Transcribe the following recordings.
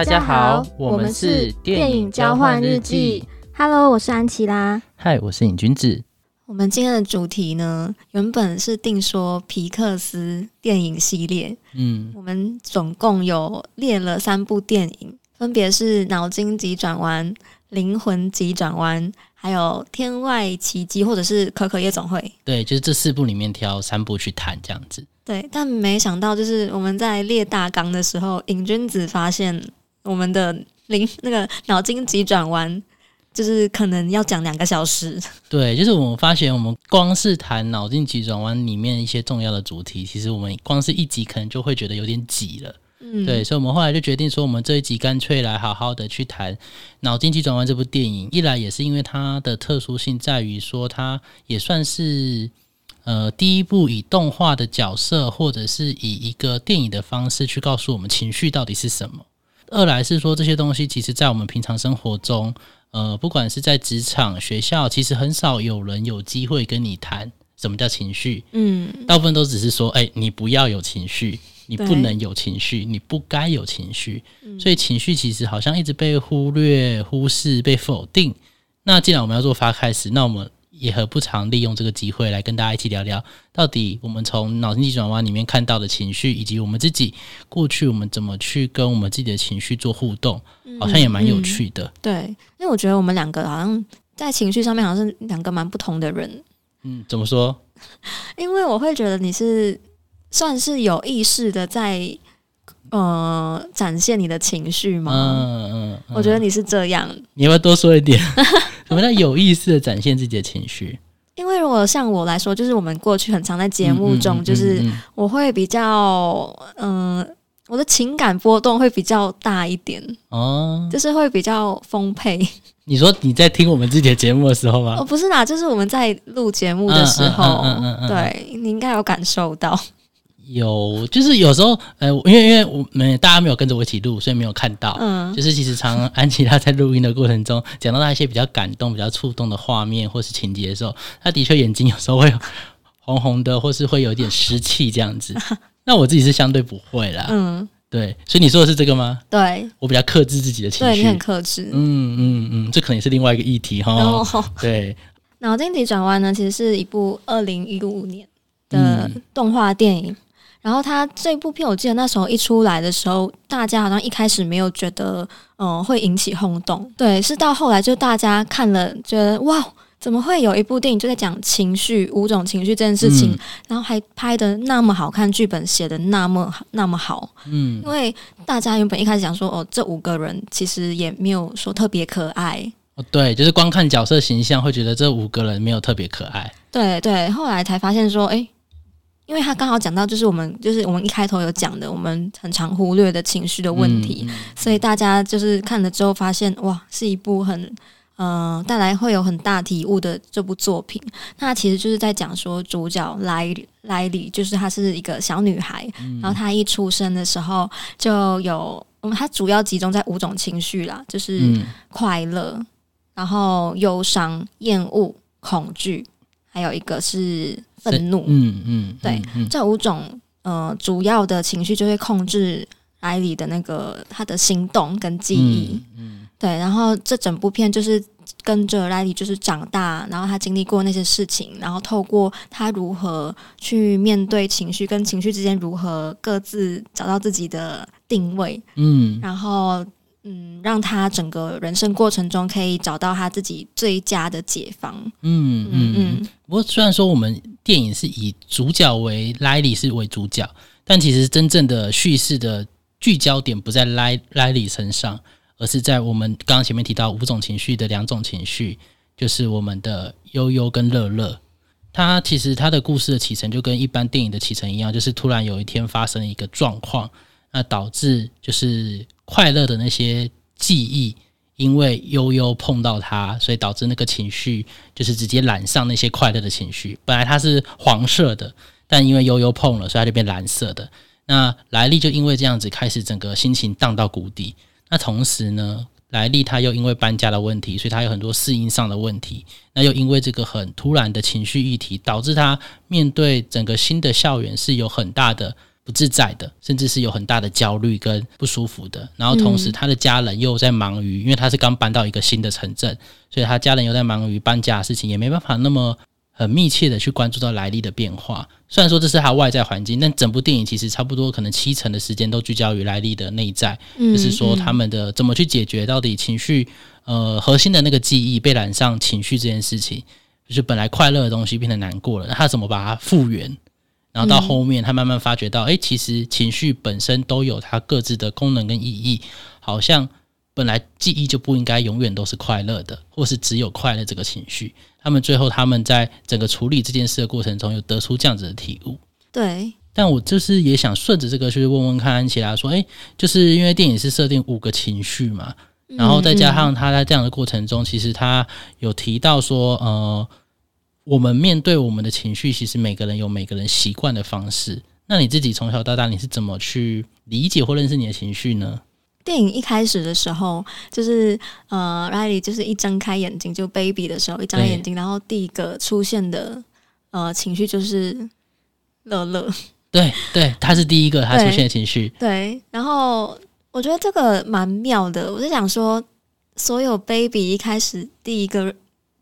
大家好，我們是電影交換日、日記。Hello，我是安琪拉。嗨，我是癮君子。我們今天的主題呢，原本是定說皮克斯電影系列。嗯，我們總共有列了三部電影，分別是《腦筋急轉彎》、《靈魂急轉彎》，還有《天外奇蹟》或者是《可可夜總會》。對，就是這四部裡面挑三部去談這樣子。對，但沒想到就是我們在列大綱的時候，癮君子發現。我們的零，那個腦筋急轉彎，就是可能要講兩個小時。對，就是我們發現，我們光是談腦筋急轉彎裡面一些重要的主題，其實我們光是一集可能就會覺得有點擠了。嗯，對，所以我們後來就決定說，我們這一集乾脆來好好的去談腦筋急轉彎這部電影。一來也是因為它的特殊性在於說，它也算是呃第一部以動畫的角色，或者是以一個電影的方式去告訴我們情緒到底是什麼。二來是說這些東西，其實在我們平常生活中，呃，不管是在職場、學校，其實很少有人有機會跟你談什麼叫情緒。嗯，大部分都只是說，哎、欸，你不要有情緒，你不能有情緒，對你不該有情緒。所以情緒其實好像一直被忽略、忽視、被否定。那既然我們要做發開始，那我們。也何不常利用這個機會來跟大家一起聊聊，到底我們從腦筋急轉彎裡面看到的情緒，以及我們自己過去我們怎麼去跟我們自己的情緒做互動，嗯、好像也蠻有趣的、嗯。對，因為我覺得我們兩個好像在情緒上面，好像是兩個蠻不同的人。嗯，怎麼說？因為我會覺得你是算是有意識的在呃展現你的情緒嗎？嗯嗯，嗯嗯，我覺得你是這樣。你要不要多說一點？ 怎麼叫有意識的展現自己的情緒？因為如果像我來說，就是我們過去很常在節目中，就是我會比較，嗯、呃，我的情感波動會比較大一點哦，就是會比較豐沛。你說你在聽我們自己的節目的時候嗎？哦，不是啦，就是我們在錄節目的時候，對，你應該有感受到。有，就是有時候，呃，因為因為我們大家沒有跟着我一起錄，所以沒有看到。嗯，就是其實常安琪拉在錄音的過程中，講到那些比較感動、比較觸動的畫面或是情節的時候，她的確眼睛有時候會紅紅的，或是會有點濕氣這樣子。那我自己是相對不會啦。嗯，對，所以你說的是這個嗎？對。我比較克制自己的情緒，對，你很克制。嗯嗯嗯，這、嗯嗯、可能也是另外一個議題哈。哦、對，腦筋急轉彎呢，其實是一部二零一五年的動畫電影。然後他這部片，我記得那時候一出來的時候，大家好像一開始沒有覺得，嗯、呃，會引起轟動。對，是到後來就大家看了，覺得哇，怎麼會有一部電影就在講情緒、五種情緒這件事情，嗯、然後還拍得那麼好看，劇本寫得那麼那麼好。嗯，因為大家原本一開始講說，哦，這五個人其實也沒有說特別可愛。哦，對，就是光看角色形象會覺得這五個人沒有特別可愛。對對，後來才發現說，誒。因為他剛好講到，就是我們就是我們一開頭有講的，我們很常忽略的情緒的問題，嗯嗯、所以大家就是看了之後發現，哇，是一部很呃帶來會有很大體悟的這部作品。那他其實就是在講說，主角萊萊莉，就是她是一個小女孩，嗯、然後她一出生的時候就有，嗯，她主要集中在五種情緒啦，就是快樂，然後憂傷、厭惡、恐懼。還有一個是憤怒，嗯嗯，嗯對，嗯嗯、這五種呃主要的情緒就會控制萊莉的那個他的行動跟記憶，嗯，嗯對，然後這整部片就是跟着萊莉就是長大，然後他經歷過那些事情，然後透過他如何去面對情緒，跟情緒之間如何各自找到自己的定位，嗯，然後。嗯，讓他整個人生過程中可以找到他自己最佳的解方。嗯嗯嗯。嗯嗯，不過，雖然說我們電影是以主角為萊莉絲為主角，但其實真正的敘事的聚焦點不在萊萊莉身上，而是在我們剛剛前面提到五種情緒的兩種情緒，就是我們的悠悠跟樂樂。他其實他的故事的啟程就跟一般電影的啟程一樣，就是突然有一天發生一個狀況，那導致就是。快樂的那些記憶，因為悠悠碰到他，所以導致那個情緒就是直接染上那些快樂的情緒。本來它是黃色的，但因為悠悠碰了，所以它就變藍色的。那萊利就因為這樣子，開始整個心情盪到谷底。那同時呢，萊利他又因為搬家的問題，所以他有很多適應上的問題。那又因為這個很突然的情緒議題，導致他面對整個新的校園是有很大的。不自在的，甚至是有很大的焦慮跟不舒服的。然後同時，他的家人又在忙於，嗯、因為他是剛搬到一個新的城鎮，所以他家人又在忙於搬家的事情，也沒辦法那麼很密切的去關注到萊莉的變化。雖然說這是他外在環境，但整部電影其實差不多可能七成的時間都聚焦於萊莉的內在，嗯、就是說他們的怎麼去解決到底情緒，呃，核心的那個記憶被染上情緒這件事情，就是本來快樂的東西變得難過了，那他怎麼把它復原？然後到後面，他慢慢發覺到，嗯、誒，其實情緒本身都有它各自的功能跟意義。好像本來記憶就不應該永遠都是快樂的，或是只有快樂這個情緒。他們最後，他們在整個處理這件事的過程中，又得出這樣子的體悟。對。但我就是也想順着這個去問問看安琪拉，說，誒，就是因為電影是設定五個情緒嘛，然後再加上他在這樣的過程中，嗯、其實他有提到說，呃。我們面對我們的情緒，其實每個人有每個人習慣的方式。那你自己從小到大，你是怎麼去理解或認識你的情緒呢？電影一開始的時候，就是呃，Riley 就是一睜開眼睛就 Baby 的時候，一睜開眼睛，對然後第一個出現的呃情緒就是樂樂。對對，他是第一個他出現的情緒對。對，然後我覺得這個蠻妙的，我是想說，所有 Baby 一開始第一個。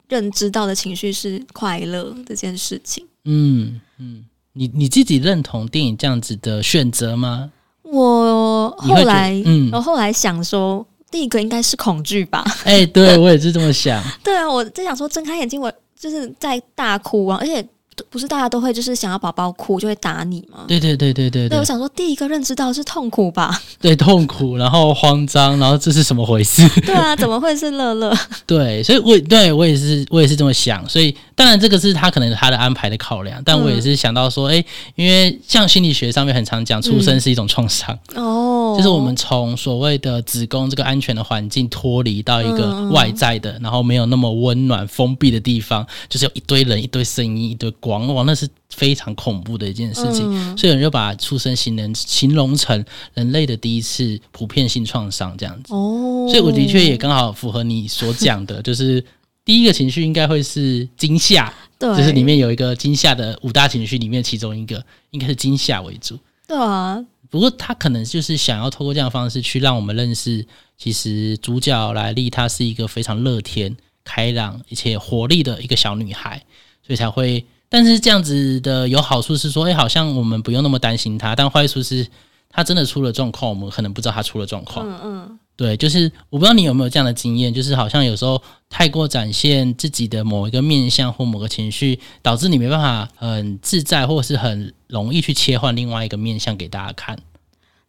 認知到的情緒是快樂這件事情。嗯嗯，你你自己認同電影這樣子的選擇嗎？我後來，嗯，我後來想說，第一個應該是恐懼吧。哎，對我也是這麼想。 對啊，我在想說，睜開眼睛，我就是在大哭啊，而且。不是大家都會就是想要寶寶哭就會打你嗎？對對對對對。對，我想說第一個認知到是痛苦吧？對痛苦，然後慌張，然後這是什麼回事？ 對啊，怎麼會是樂樂？對，所以我，對我也是我也是這麼想。所以當然這個是他可能他的安排的考量，但我也是想到說，哎、嗯，因為像心理學上面很常講，出生是一種創傷、嗯、哦。就是我們從所謂的子宮這個安全的環境，脫離到一個外在的，嗯、然後沒有那麼溫暖封閉的地方，就是有一堆人、一堆聲音、一堆光，哇，那是非常恐怖的一件事情。嗯、所以有人就把出生行為形容成人類的第一次普遍性創傷，這樣子。哦、所以我的確也剛好符合你所講的，呵呵就是第一個情緒應該會是驚嚇，對就是裡面有一個驚嚇的五大情緒裡面其中一個，應該是驚嚇為主，對啊。不過他可能就是想要透過這樣的方式去讓我們認識，其實主角萊利她是一個非常樂天、開朗、而且活力的一個小女孩，所以才會。但是這樣子的有好處是說，哎、欸，好像我們不用那麼擔心她；但壞處是，她真的出了狀況，我們可能不知道她出了狀況。嗯嗯。對，就是我不知道你有沒有這樣的經驗，就是好像有時候太過展現自己的某一個面向或某個情緒，導致你沒辦法很自在，或是很容易去切換另外一個面向給大家看。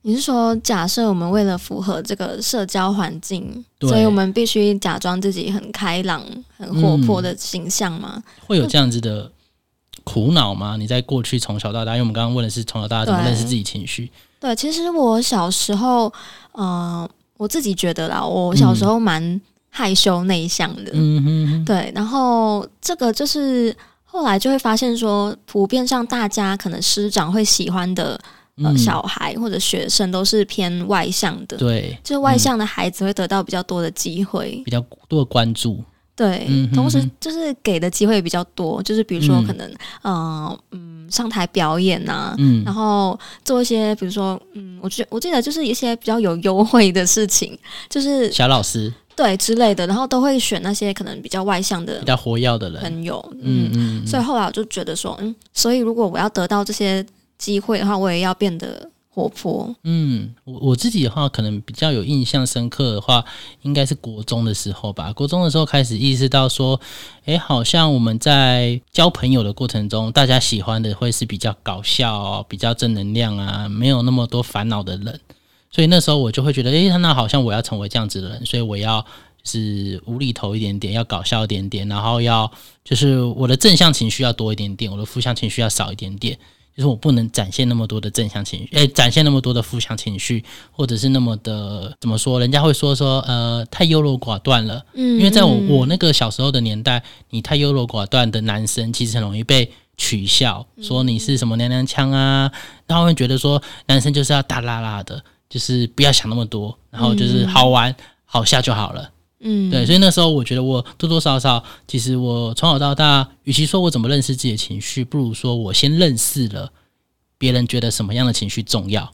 你是說，假設我們為了符合這個社交環境，對所以我們必須假裝自己很開朗、很活潑的形象嗎、嗯？會有這樣子的苦惱嗎？那你在過去從小到大，因為我們剛剛問的是從小到大怎麼認識自己情緒。對，其實我小時候，嗯、呃。我自己覺得啦，我小時候蠻害羞內向的，嗯、對。然後這個就是後來就會發現說，普遍上大家可能師長會喜歡的呃小孩或者學生都是偏外向的，對、嗯，就是外向的孩子會得到比較多的機會、嗯嗯，比較多的關注。對，嗯、哼同時就是給的機會比較多，就是比如說可能嗯、呃、嗯上台表演吶、啊，嗯、然後做一些比如說嗯，我記我記得就是一些比較有優惠的事情，就是小老師對之類的，然後都會選那些可能比較外向的、比較活躍的人朋友，嗯嗯，所以後來我就覺得說，嗯，所以如果我要得到這些機會的話，我也要變得。活潑，嗯，我我自己的話，可能比較有印象深刻的話，應該是國中的時候吧。國中的時候開始意識到說，哎，好像我們在交朋友的過程中，大家喜歡的會是比較搞笑、比較正能量啊，沒有那麼多煩惱的人。所以那時候我就會覺得，哎，那好像我要成為這樣子的人，所以我要是無厘頭一點點，要搞笑一點點，然後要就是我的正向情緒要多一點點，我的負向情緒要少一點點。就是我不能展現那麼多的正向情緒，哎、欸，展現那麼多的負向情緒，或者是那麼的怎麼說？人家會說說，呃，太優柔寡斷了。嗯，嗯，因為在我我那個小時候的年代，你太優柔寡斷的男生，其實很容易被取笑，說你是什麼娘娘腔啊？然後會覺得說，男生就是要大剌剌的，就是不要想那麼多，然後就是好玩好笑就好了。嗯，對，所以那時候我覺得我多多少少，其實我從小到大，與其說我怎麼認識自己的情緒，不如說我先認識了別人覺得什麼樣的情緒重要。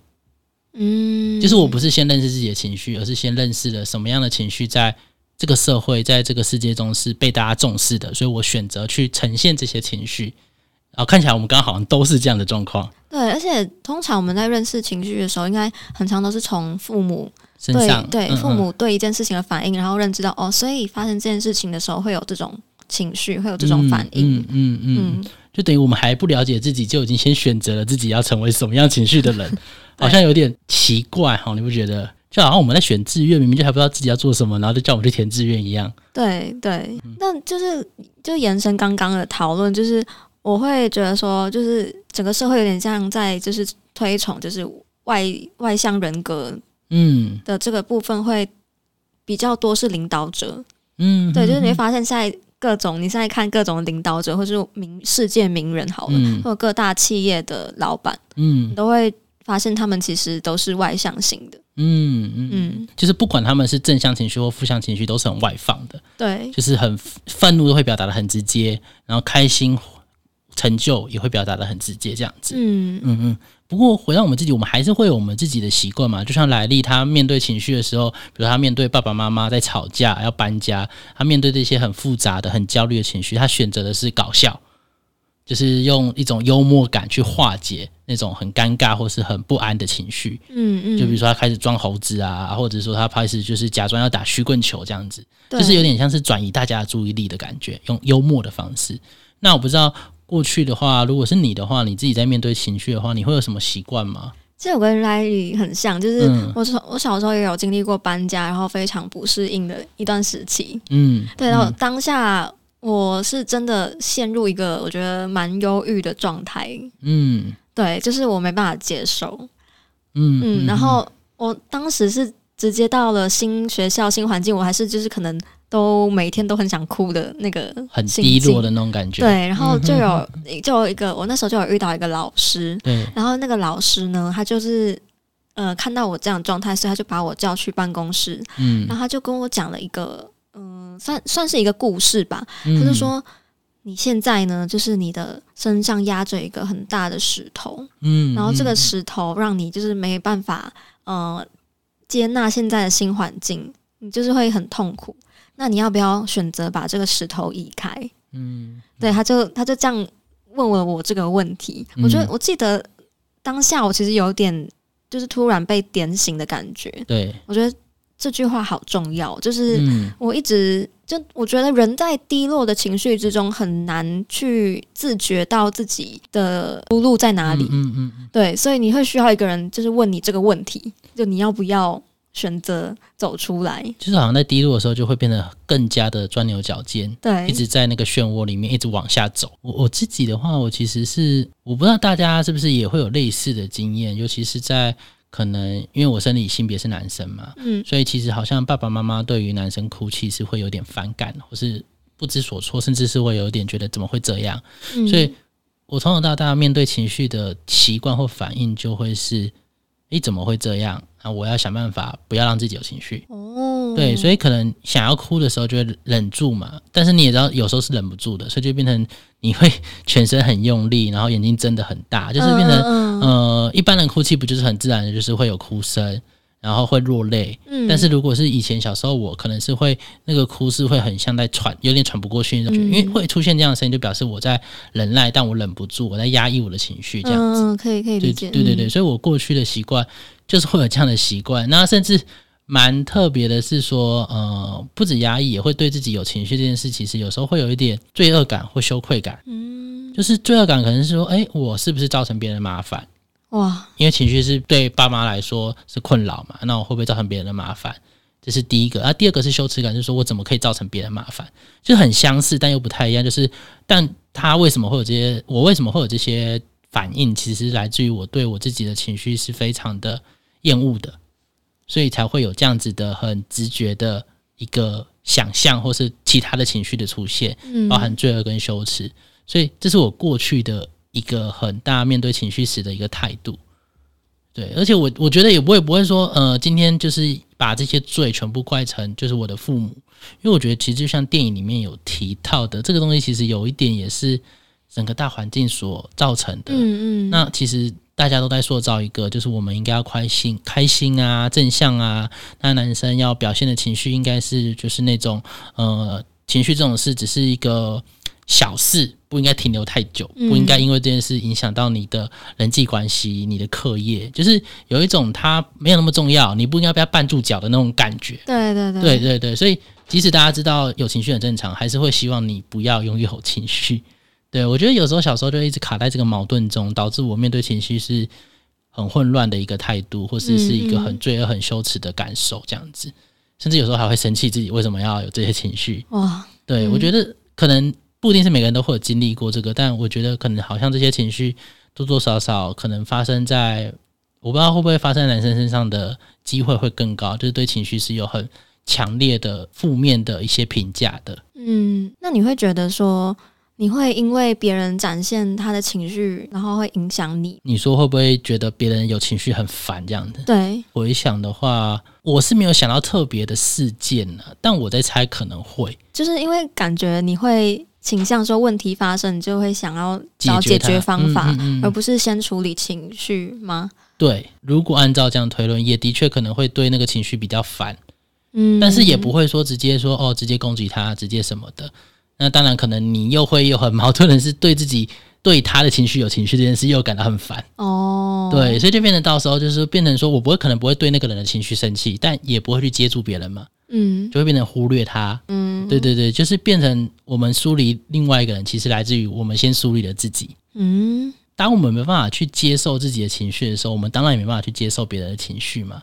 嗯，就是我不是先認識自己的情緒，而是先認識了什麼樣的情緒在這個社會、在這個世界中是被大家重視的，所以我選擇去呈現這些情緒。啊、哦，看起來我們剛剛好像都是這樣的狀況。對，而且通常我們在認識情緒的時候，應該很常都是從父母。對對，對，嗯嗯，父母對一件事情的反應，然後認知到哦，所以發生這件事情的時候會有這種情緒，會有這種反應，嗯嗯嗯，嗯嗯嗯，就等於我們還不了解自己，就已經先選擇了自己要成為什麼樣情緒的人， 對好像有點奇怪，哦，哈，你不覺得？就好像我們在選志願，明明就還不知道自己要做什麼，然後就叫我們去填志願一樣。對對，對，嗯、那就是就延伸剛剛的討論，就是我會覺得說，就是整個社會有點像在就是推崇，就是外外向人格。嗯的這個部分會比較多是領導者，嗯，對，就是你會發現，現在各種你現在看各種領導者，或是名世界名人好了，嗯、或各大企業的老闆，嗯，都會發現他們其實都是外向型的，嗯嗯，嗯嗯就是不管他們是正向情緒或負向情緒，都是很外放的，對，就是很憤怒都會表達得很直接，然後開心成就也會表達得很直接，這樣子，嗯嗯嗯。嗯嗯不過，回到我們自己，我們還是會有我們自己的習慣嘛。就像萊利，他面對情緒的時候，比如他面對爸爸媽媽在吵架、要搬家，他面對這些很複雜的、很焦慮的情緒，他選擇的是搞笑，就是用一種幽默感去化解那種很尷尬或是很不安的情緒。嗯嗯。就比如說，他開始裝猴子啊，或者說他開始就是假裝要打曲棍球這樣子，對就是有點像是轉移大家的注意力的感覺，用幽默的方式。那我不知道。過去的話，如果是你的話，你自己在面對情緒的話，你會有什麼習慣嗎？這我跟萊莉很像，就是我小我小時候也有經歷過搬家，然後非常不適應的一段時期。嗯，嗯對。然後當下我是真的陷入一個我覺得蠻憂鬱的狀態。嗯，對，就是我沒辦法接受。嗯，嗯，然後我當時是直接到了新學校，新環境，我還是就是可能。都每天都很想哭的那個很低落的那種感覺。對，然後就有就有一個，我那時候就有遇到一個老師，對然後那個老師呢，他就是呃看到我這樣狀態，所以他就把我叫去辦公室，嗯，然後他就跟我講了一個嗯，呃，算算是一個故事吧，嗯，他就說你現在呢，就是你的身上壓着一個很大的石頭，嗯，然後這個石頭讓你就是沒辦法呃接納現在的新環境，你就是會很痛苦。那你要不要選擇把這個石頭移開？嗯，對，他就他就這樣問問我這個問題。嗯、我覺得我記得當下我其實有點就是突然被點醒的感覺。對，我覺得這句話好重要，就是我一直、嗯、就我覺得人在低落的情緒之中很難去自覺到自己的出路在哪裡。嗯嗯，嗯嗯對，所以你會需要一個人就是問你這個問題，就你要不要？選擇走出來，就是好像在低落的時候，就會變得更加的鑽牛角尖，對，一直在那個漩渦裡面一直往下走。我我自己的話，我其實是我不知道大家是不是也會有類似的經驗，尤其是在可能因為我生理性別是男生嘛，嗯，所以其實好像爸爸媽媽對於男生哭泣是會有點反感，或是不知所措，甚至是會有點覺得怎麼會這樣。嗯，所以我從小到大面對情緒的習慣或反應，就會是。你怎麼會這樣？那我要想辦法，不要讓自己有情緒。嗯、對，所以可能想要哭的時候就會忍住嘛。但是你也知道，有時候是忍不住的，所以就變成你會全身很用力，然後眼睛睜得很大，就是變成嗯嗯呃，一般人哭泣不就是很自然的，就是會有哭聲。然後會落淚，嗯、但是如果是以前小時候，我可能是會那個哭是會很像在喘，有點喘不過去那種、嗯、因為會出現這樣的聲音，就表示我在忍耐，但我忍不住，我在壓抑我的情緒，這樣子，哦、可以可以理解，對對對對，所以我過去的習慣就是會有這樣的習慣，那甚至蠻特別的是說，呃，不止壓抑，也會對自己有情緒這件事，其實有時候會有一點罪惡感或羞愧感，嗯，就是罪惡感可能是說，哎，我是不是造成別人麻煩？哇，因為情緒是對爸媽來說是困擾嘛，那我會不會造成別人的麻煩？這是第一個，啊，第二個是羞恥感，就是說我怎麼可以造成別人的麻煩，就很相似，但又不太一樣。就是，但他為什麼會有這些？我為什麼會有這些反應？其實來自於我對我自己的情緒是非常的厭惡的，所以才會有這樣子的很直覺的一個想象，或是其他的情緒的出現，嗯，包含罪惡跟羞恥。所以這是我過去的。一個很大面對情緒時的一個態度，對，而且我我覺得也不會不會說，呃，今天就是把這些罪全部怪成就是我的父母，因為我覺得其實就像電影裡面有提到的，這個東西其實有一點也是整個大環境所造成的。嗯嗯，那其實大家都在塑造一個，就是我們應該要開心開心啊，正向啊，那男生要表現的情緒應該是就是那種呃，情緒這種事只是一個。小事不應該停留太久，不應該因為這件事影響到你的人際關係、嗯、你的課業。就是有一種它沒有那麼重要，你不應該被它絆住腳的那種感覺。對對對，對對對。所以即使大家知道有情緒很正常，還是會希望你不要擁有情緒。對，我覺得有時候小時候就一直卡在這個矛盾中，導致我面對情緒是很混亂的一個態度，或是是一個很罪惡、很羞恥的感受這樣子。甚至有時候還會生氣自己為什麼要有這些情緒。哇、哦，對我覺得可能。不一定是每個人都會有經歷過這個，但我覺得可能好像這些情緒多多少少可能發生在我不知道會不會發生在男生身上的機會會更高，就是對情緒是有很強烈的負面的一些評價的。嗯，那你會覺得說你會因為別人展現他的情緒，然後會影響你？你說會不會覺得別人有情緒很煩這樣的？對。我一想的話，我是沒有想到特別的事件呢，但我在猜可能會，就是因為感覺你會。傾向說問題發生，你就會想要找解決方法，嗯嗯嗯、而不是先處理情緒嗎？對，如果按照這樣推論，也的確可能會對那個情緒比較煩，嗯，但是也不會說直接說哦，直接攻擊他，直接什麼的。那當然，可能你又會有很矛盾的是，對自己對他的情緒有情緒這件事，又感到很煩哦。對，所以就變得到時候就是說變成說我不會，可能不會對那個人的情緒生氣，但也不會去接觸別人嘛。嗯，就會變成忽略他。嗯，對對對，就是變成我們疏離另外一個人，其實來自於我們先疏離了自己。嗯，當我們沒辦法去接受自己的情緒的時候，我們當然也沒辦法去接受別人的情緒嘛。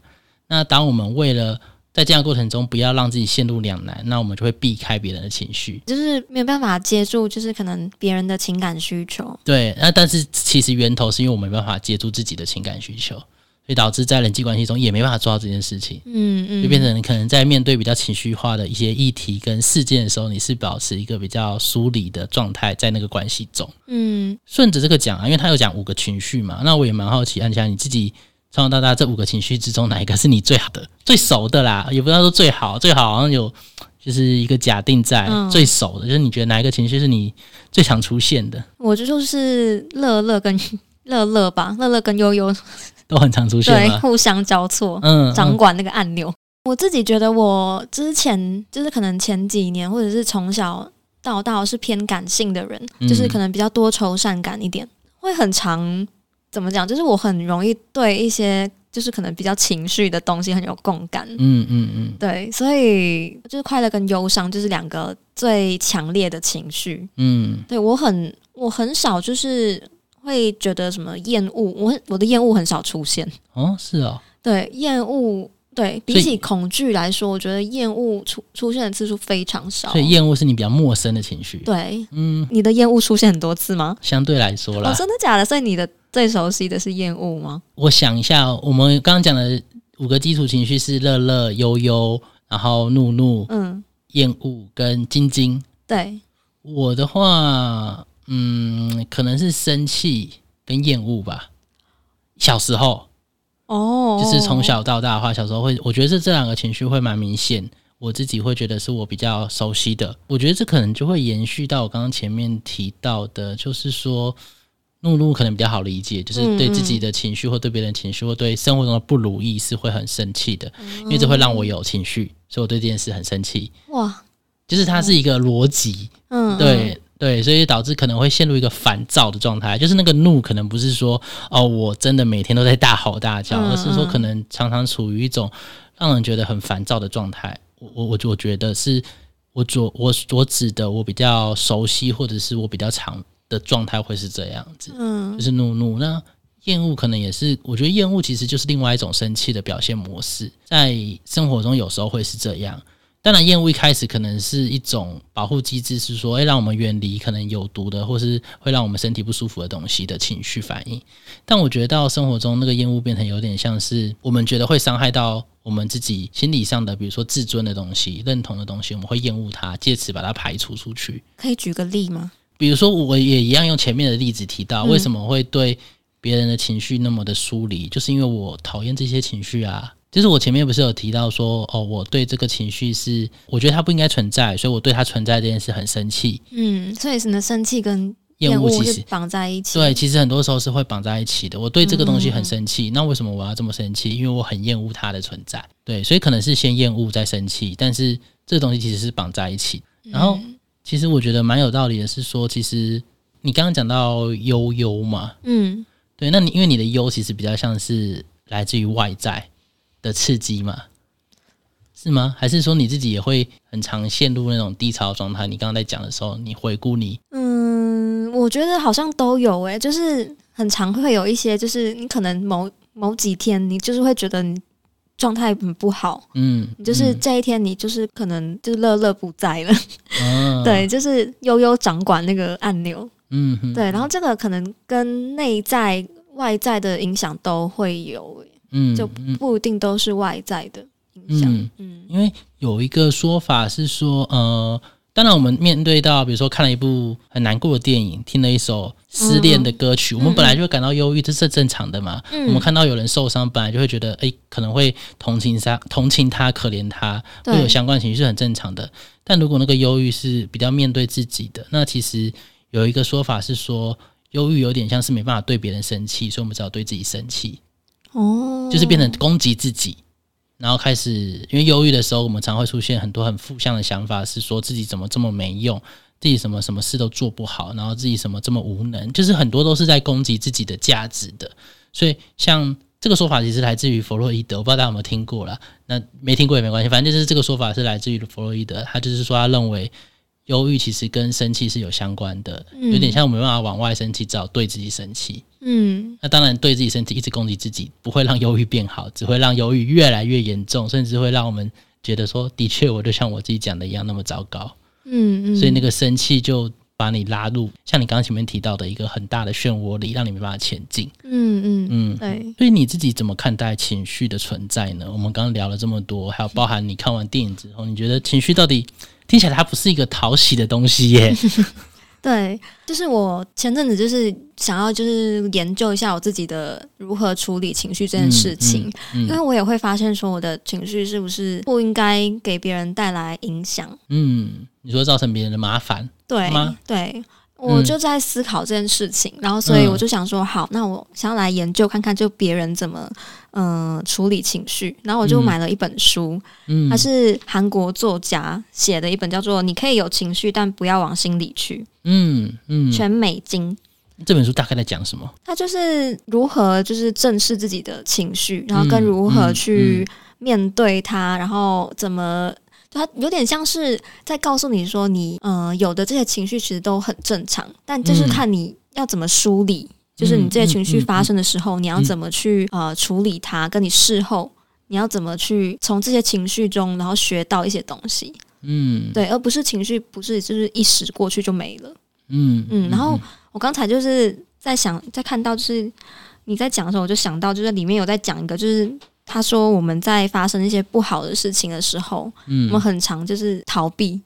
那當我們為了在這樣的過程中不要讓自己陷入兩難，那我們就會避開別人的情緒，就是沒有辦法接住，就是可能別人的情感需求。對，那但是其實源頭是因為我們沒辦法接住自己的情感需求。所以導致在人際關係中也沒辦法做到這件事情，嗯嗯，就、嗯、變成你可能在面對比較情緒化的一些議題跟事件的時候，你是保持一個比較疏離的狀態在那個關係中，嗯。順着這個講啊，因為他有講五個情緒嘛，那我也蠻好奇，安琪你自己從小到大，大這五個情緒之中，哪一個是你最好的、最熟的啦？也不知道說最好，最好好像有就是一個假定在，最熟的，嗯、就是你覺得哪一個情緒是你最常出現的？我就就是樂樂跟樂樂吧，樂樂跟悠悠。都很常出現，對，互相交錯，嗯，嗯，掌管那個按鈕。我自己覺得，我之前就是可能前幾年，或者是從小到大是偏感性的人，嗯、就是可能比較多愁善感一點，會很常，怎麼講？就是我很容易對一些就是可能比較情緒的東西很有共感，嗯嗯嗯，嗯嗯對，所以就是快樂跟憂傷就是兩個最強烈的情緒，嗯，對我很我很少就是。會覺得什麼厭惡？我我的厭惡很少出現。哦，是啊、哦，對，厭惡，對，比起恐懼來說，以我覺得厭惡出出現的次數非常少。所以厭惡是你比較陌生的情緒。對，嗯，你的厭惡出現很多次嗎？相對來說啦、哦，真的假的？所以你的最熟悉的是厭惡嗎？我想一下，我們剛剛講的五個基礎情緒是樂樂、憂憂，然後怒怒，嗯，厭惡跟驚驚。對，我的話。嗯，可能是生氣跟厭惡吧。小時候，哦，oh. 就是從小到大的話，小時候會，我覺得這這兩個情緒會蠻明顯，我自己會覺得是我比較熟悉的。我覺得這可能就會延續到我剛剛前面提到的，就是說，怒怒可能比較好理解，就是對自己的情緒或對別人的情緒或對生活中的不如意是會很生氣的，因為這會讓我有情緒，所以我對這件事很生氣。哇，就是它是一個邏輯，嗯，嗯，對。對，所以導致可能會陷入一個煩躁的狀態，就是那個怒，可能不是說哦，我真的每天都在大吼大叫，嗯、而是說可能常常處於一種讓人覺得很煩躁的狀態。我我我覺得是我所我所指的，我比較熟悉或者是我比較常的狀態會是這樣子，嗯、就是怒怒。那厭惡可能也是，我覺得厭惡其實就是另外一種生氣的表現模式，在生活中有時候會是這樣。當然，厭惡一開始可能是一種保護機制，是說哎、欸，讓我們遠離可能有毒的，或是會讓我們身體不舒服的東西的情緒反應。但我覺得到生活中，那個厭惡變成有點像是我們覺得會傷害到我們自己心理上的，比如說自尊的東西、認同的東西，我們會厭惡它，借此把它排除出去。可以舉個例嗎？比如說，我也一樣用前面的例子提到，為什麼會對別人的情緒那麼的疏離，嗯、就是因為我討厭這些情緒啊。就是我前面不是有提到說，哦，我對這個情緒是，我覺得它不應該存在，所以我對它存在這件事很生氣。嗯，所以只能生氣跟厭惡其實綁在一起。對，其實很多時候是會綁在一起的。我對這個東西很生氣，嗯、那為什麼我要這麼生氣？因為我很厭惡它的存在。對，所以可能是先厭惡再生氣，但是這東西其實是綁在一起。然後，嗯、其實我覺得蠻有道理的是說，其實你剛剛講到憂憂嘛，嗯，對，那你因為你的憂其實比較像是來自於外在的刺激嘛，是嗎？還是說你自己也會很常陷入那種低潮狀態？你剛剛在講的時候，你回顧你，嗯，我覺得好像都有欸，就是很常會有一些，就是你可能某某幾天，你就是會覺得你狀態很不好，嗯，嗯，你就是這一天，你就是可能就樂樂不在了，啊、 對，就是悠悠掌管那個按鈕，嗯哼，對，然後這個可能跟內在外在的影響都會有。嗯，就不一定都是外在的影響、嗯。嗯，嗯，因為有一個說法是說，呃，當然我們面對到，比如說看了一部很難過的電影，聽了一首失戀的歌曲，嗯、我們本來就會感到憂鬱，嗯、這是正常的嘛。嗯、我們看到有人受傷，本來就會覺得，哎、欸，可能會同情他，同情他，可憐他，會對有相關情緒是很正常的。但如果那個憂鬱是比較面對自己的，那其實有一個說法是說，憂鬱有點像是沒辦法對別人生氣，所以我們只好對自己生氣。哦。就是變成攻擊自己，然後開始，因為憂鬱的時候，我們常會出現很多很負向的想法，是說自己怎麼這麼沒用，自己什麼什麼事都做不好，然後自己什麼這麼無能，就是很多都是在攻擊自己的價值的。所以像這個說法其實來自於弗洛伊德，我不知道大家有沒有聽過啦，那沒聽過也沒關係，反正就是這個說法是來自於弗洛伊德，他就是說他認為憂鬱其實跟生氣是有相關的，有點像我們沒辦法往外生氣，只好對自己生氣。嗯，那當然，對自己身體一直攻擊自己，不會讓憂鬱變好，只會讓憂鬱越來越嚴重，甚至會讓我們覺得說，的確，我就像我自己講的一樣，那麼糟糕。嗯嗯，嗯，所以那個生氣就把你拉入像你剛剛前面提到的一個很大的漩渦裡，讓你沒辦法前進。嗯嗯嗯，嗯，對。所以你自己怎麼看待情緒的存在呢？我們剛剛聊了這麼多，還有包含你看完電影之後，你覺得情緒到底聽起來它不是一個討喜的東西耶？ 對，就是我前陣子就是想要就是研究一下我自己的如何處理情緒這件事情，嗯嗯嗯，因為我也會發現說，我的情緒是不是不應該給別人帶來影響？嗯，你說造成別人的麻煩，對，對嗎？對。我就在思考這件事情，然後所以我就想說，嗯、好，那我想要來研究看看，就別人怎麼嗯、呃、處理情緒，然後我就買了一本書，嗯，它是韓國作家寫的一本，叫做《你可以有情緒，但不要往心裡去》，嗯，嗯嗯，全美金。這本書大概在講什麼？它就是如何就是正視自己的情緒，然後跟如何去面對它，嗯嗯嗯、然後怎麼。就它有點像是在告訴你說你，你、呃、嗯有的這些情緒其實都很正常，但就是看你要怎麼梳理，嗯、就是你這些情緒發生的時候，嗯嗯嗯、你要怎麼去呃處理它，跟你事後你要怎麼去從這些情緒中，然後學到一些東西，嗯，對，而不是情緒不是就是一時過去就沒了，嗯嗯。然後我剛才就是在想，在看到就是你在講的時候，我就想到就是裡面有在講一個就是。他說：“我們在發生一些不好的事情的時候，嗯，我們很常就是逃避，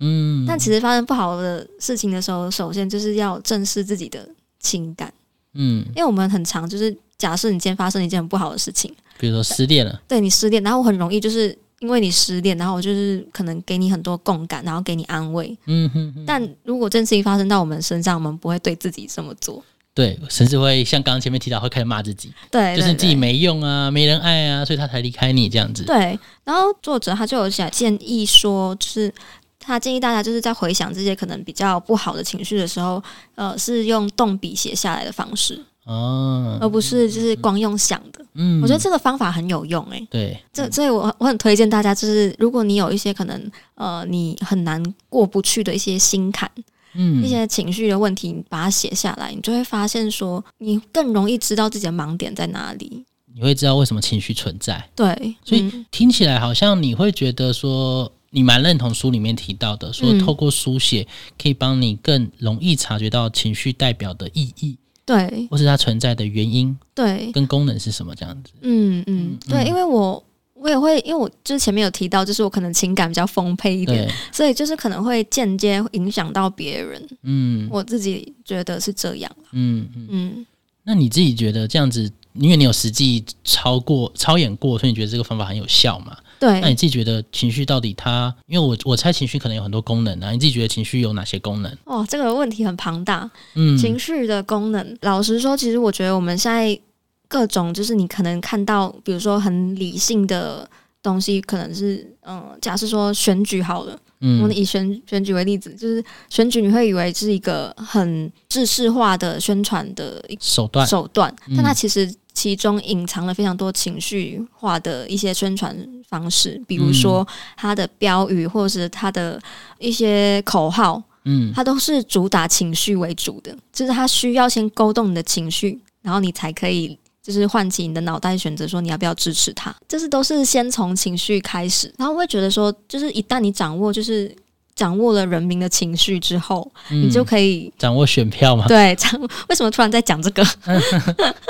嗯。但其實發生不好的事情的時候，首先就是要正視自己的情感，嗯。因為我們很常就是假設你今天發生一件很不好的事情，比如說失戀了，對你失戀，然後我很容易就是因為你失戀，然後我就是可能給你很多共感，然後給你安慰，嗯哼哼。但如果這事情發生到我們身上，我們不會對自己這麼做。”對，甚至會像剛剛前面提到，會開始罵自己，對，對，對，就是自己沒用啊，沒人愛啊，所以他才離開你這樣子。對，然後作者他就有想建議說，就是他建議大家就是在回想這些可能比較不好的情緒的時候，呃，是用動筆寫下來的方式，哦，而不是就是光用想的。嗯，嗯我覺得這個方法很有用、欸，誒。對，這、嗯、所以我我很推薦大家，就是如果你有一些可能呃你很難過不去的一些心坎。嗯，一些情緒的問題，你把它寫下來，你就會發現說，你更容易知道自己的盲點在哪裡。你會知道為什麼情緒存在？對，嗯，所以聽起來好像你會覺得說，你蠻認同書裡面提到的，說透過書寫可以幫你更容易察覺到情緒代表的意義，對，嗯，或是它存在的原因，對，跟功能是什麼這樣子。嗯嗯，嗯嗯對，因為我。我也會，因為我之前面有提到，就是我可能情感比較豐沛一點，對所以就是可能會間接影響到別人。嗯，我自己覺得是這樣。啊。嗯嗯，嗯那你自己覺得這樣子，因為你有實際操過、操演過，所以你覺得這個方法很有效嘛？對。那你自己覺得情緒到底它，因為我我猜情緒可能有很多功能啊，你自己覺得情緒有哪些功能？哦，這個問題很龐大。嗯，情緒的功能，老實說，其實我覺得我們現在。各種就是你可能看到，比如說很理性的東西，可能是嗯、呃，假設說選舉好了，嗯，我們以選選舉為例子，就是選舉你會以為是一個很制式化的宣傳的一手段手段，但它其實其中隱藏了非常多情緒化的一些宣傳方式，比如說它的標語或者是它的一些口號，嗯，它都是主打情緒為主的，就是它需要先勾動你的情緒，然後你才可以。就是喚起你的腦袋，選擇說你要不要支持他，這是都是先從情緒開始，然後我會覺得說，就是一旦你掌握，就是掌握了人民的情緒之後，嗯、你就可以掌握選票嘛？對掌，為什麼突然在講這個？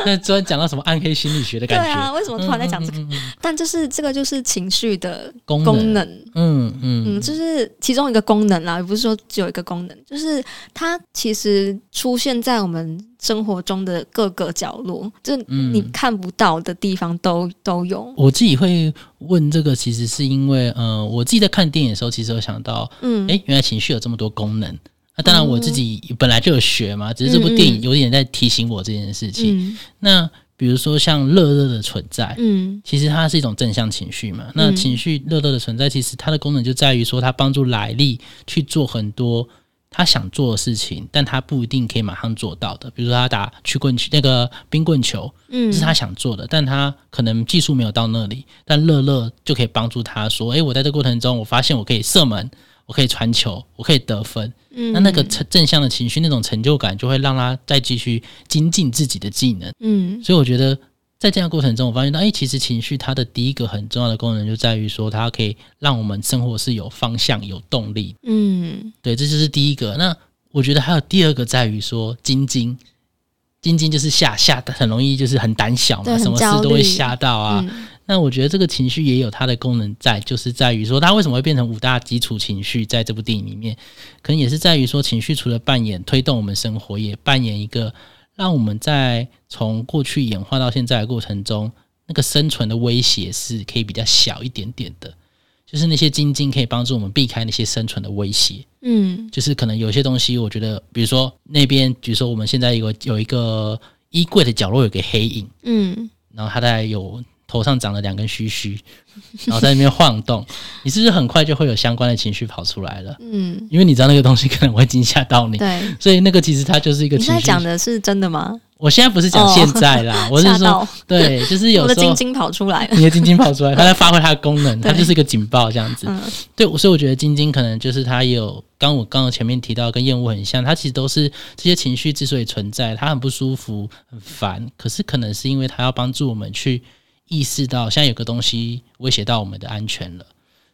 那昨天講到什麼暗黑心理學的感覺？對啊，為什麼突然在講這個？嗯嗯嗯嗯，但就是這個就是情緒的功能，功能嗯嗯，嗯，就是其中一個功能啦、啊，也不是說只有一個功能，就是它其實出現在我們。生活中的各個角落，就你看不到的地方都、嗯、都有。我自己會問這個，其實是因為，呃，我自己在看電影的時候，其實有想到，嗯，哎，原來情緒有這麼多功能。那、啊、當然，我自己本來就有學嘛，嗯、只是這部電影有點在提醒我這件事情。嗯嗯、那比如說像樂樂的存在，嗯，其實它是一種正向情緒嘛。嗯、那情緒樂樂的存在，其實它的功能就在於說，它幫助萊莉去做很多。他想做的事情，但他不一定可以馬上做到的。比如說，他打曲棍球，那個冰棍球，嗯，是他想做的，但他可能技術沒有到那裡。但樂樂就可以幫助他，說：“哎，我在這過程中，我發現我可以射門，我可以傳球，我可以得分。”嗯，那那個正向的情緒，那種成就感，就會讓他再繼續精進自己的技能。嗯，所以我覺得。在這樣的過程中，我發現到，哎，其實情緒它的第一個很重要的功能，就在於說，它可以讓我們生活是有方向、有動力。嗯，對，這就是第一個。那我覺得還有第二個，在於說，驚驚，驚驚就是嚇嚇的，很容易就是很膽小嘛，什麼事都會嚇到啊。嗯、那我覺得這個情緒也有它的功能在，就是在於說，它為什麼會變成五大基礎情緒，在這部電影裡面，可能也是在於說，情緒除了扮演推動我們生活，也扮演一個。讓我們在從過去演化到現在的過程中，那個生存的威脅是可以比較小一點點的，就是那些晶晶可以幫助我們避開那些生存的威脅。嗯，就是可能有些東西，我覺得，比如說那邊，比如說我們現在有有一個衣櫃的角落有個黑影，嗯，然後它大概有。頭上長了兩根鬚鬚，然後在那邊晃動， 你是不是很快就會有相關的情緒跑出來了？嗯，因為你知道那個東西可能會驚嚇到你，對，所以那個其實它就是一個情緒。你在講的是真的嗎？我現在不是講現在啦，oh, 我是說，到對，就是有時候驚驚跑出來，你的驚驚跑出來，它在發揮它的功能， 它就是一個警報這樣子。對，我、嗯、所以我覺得驚驚可能就是它也有剛我剛剛前面提到跟厭惡很像，它其實都是這些情緒之所以存在，它很不舒服、很煩，可是可能是因為它要幫助我們去。意識到現在有個東西威脅到我們的安全了，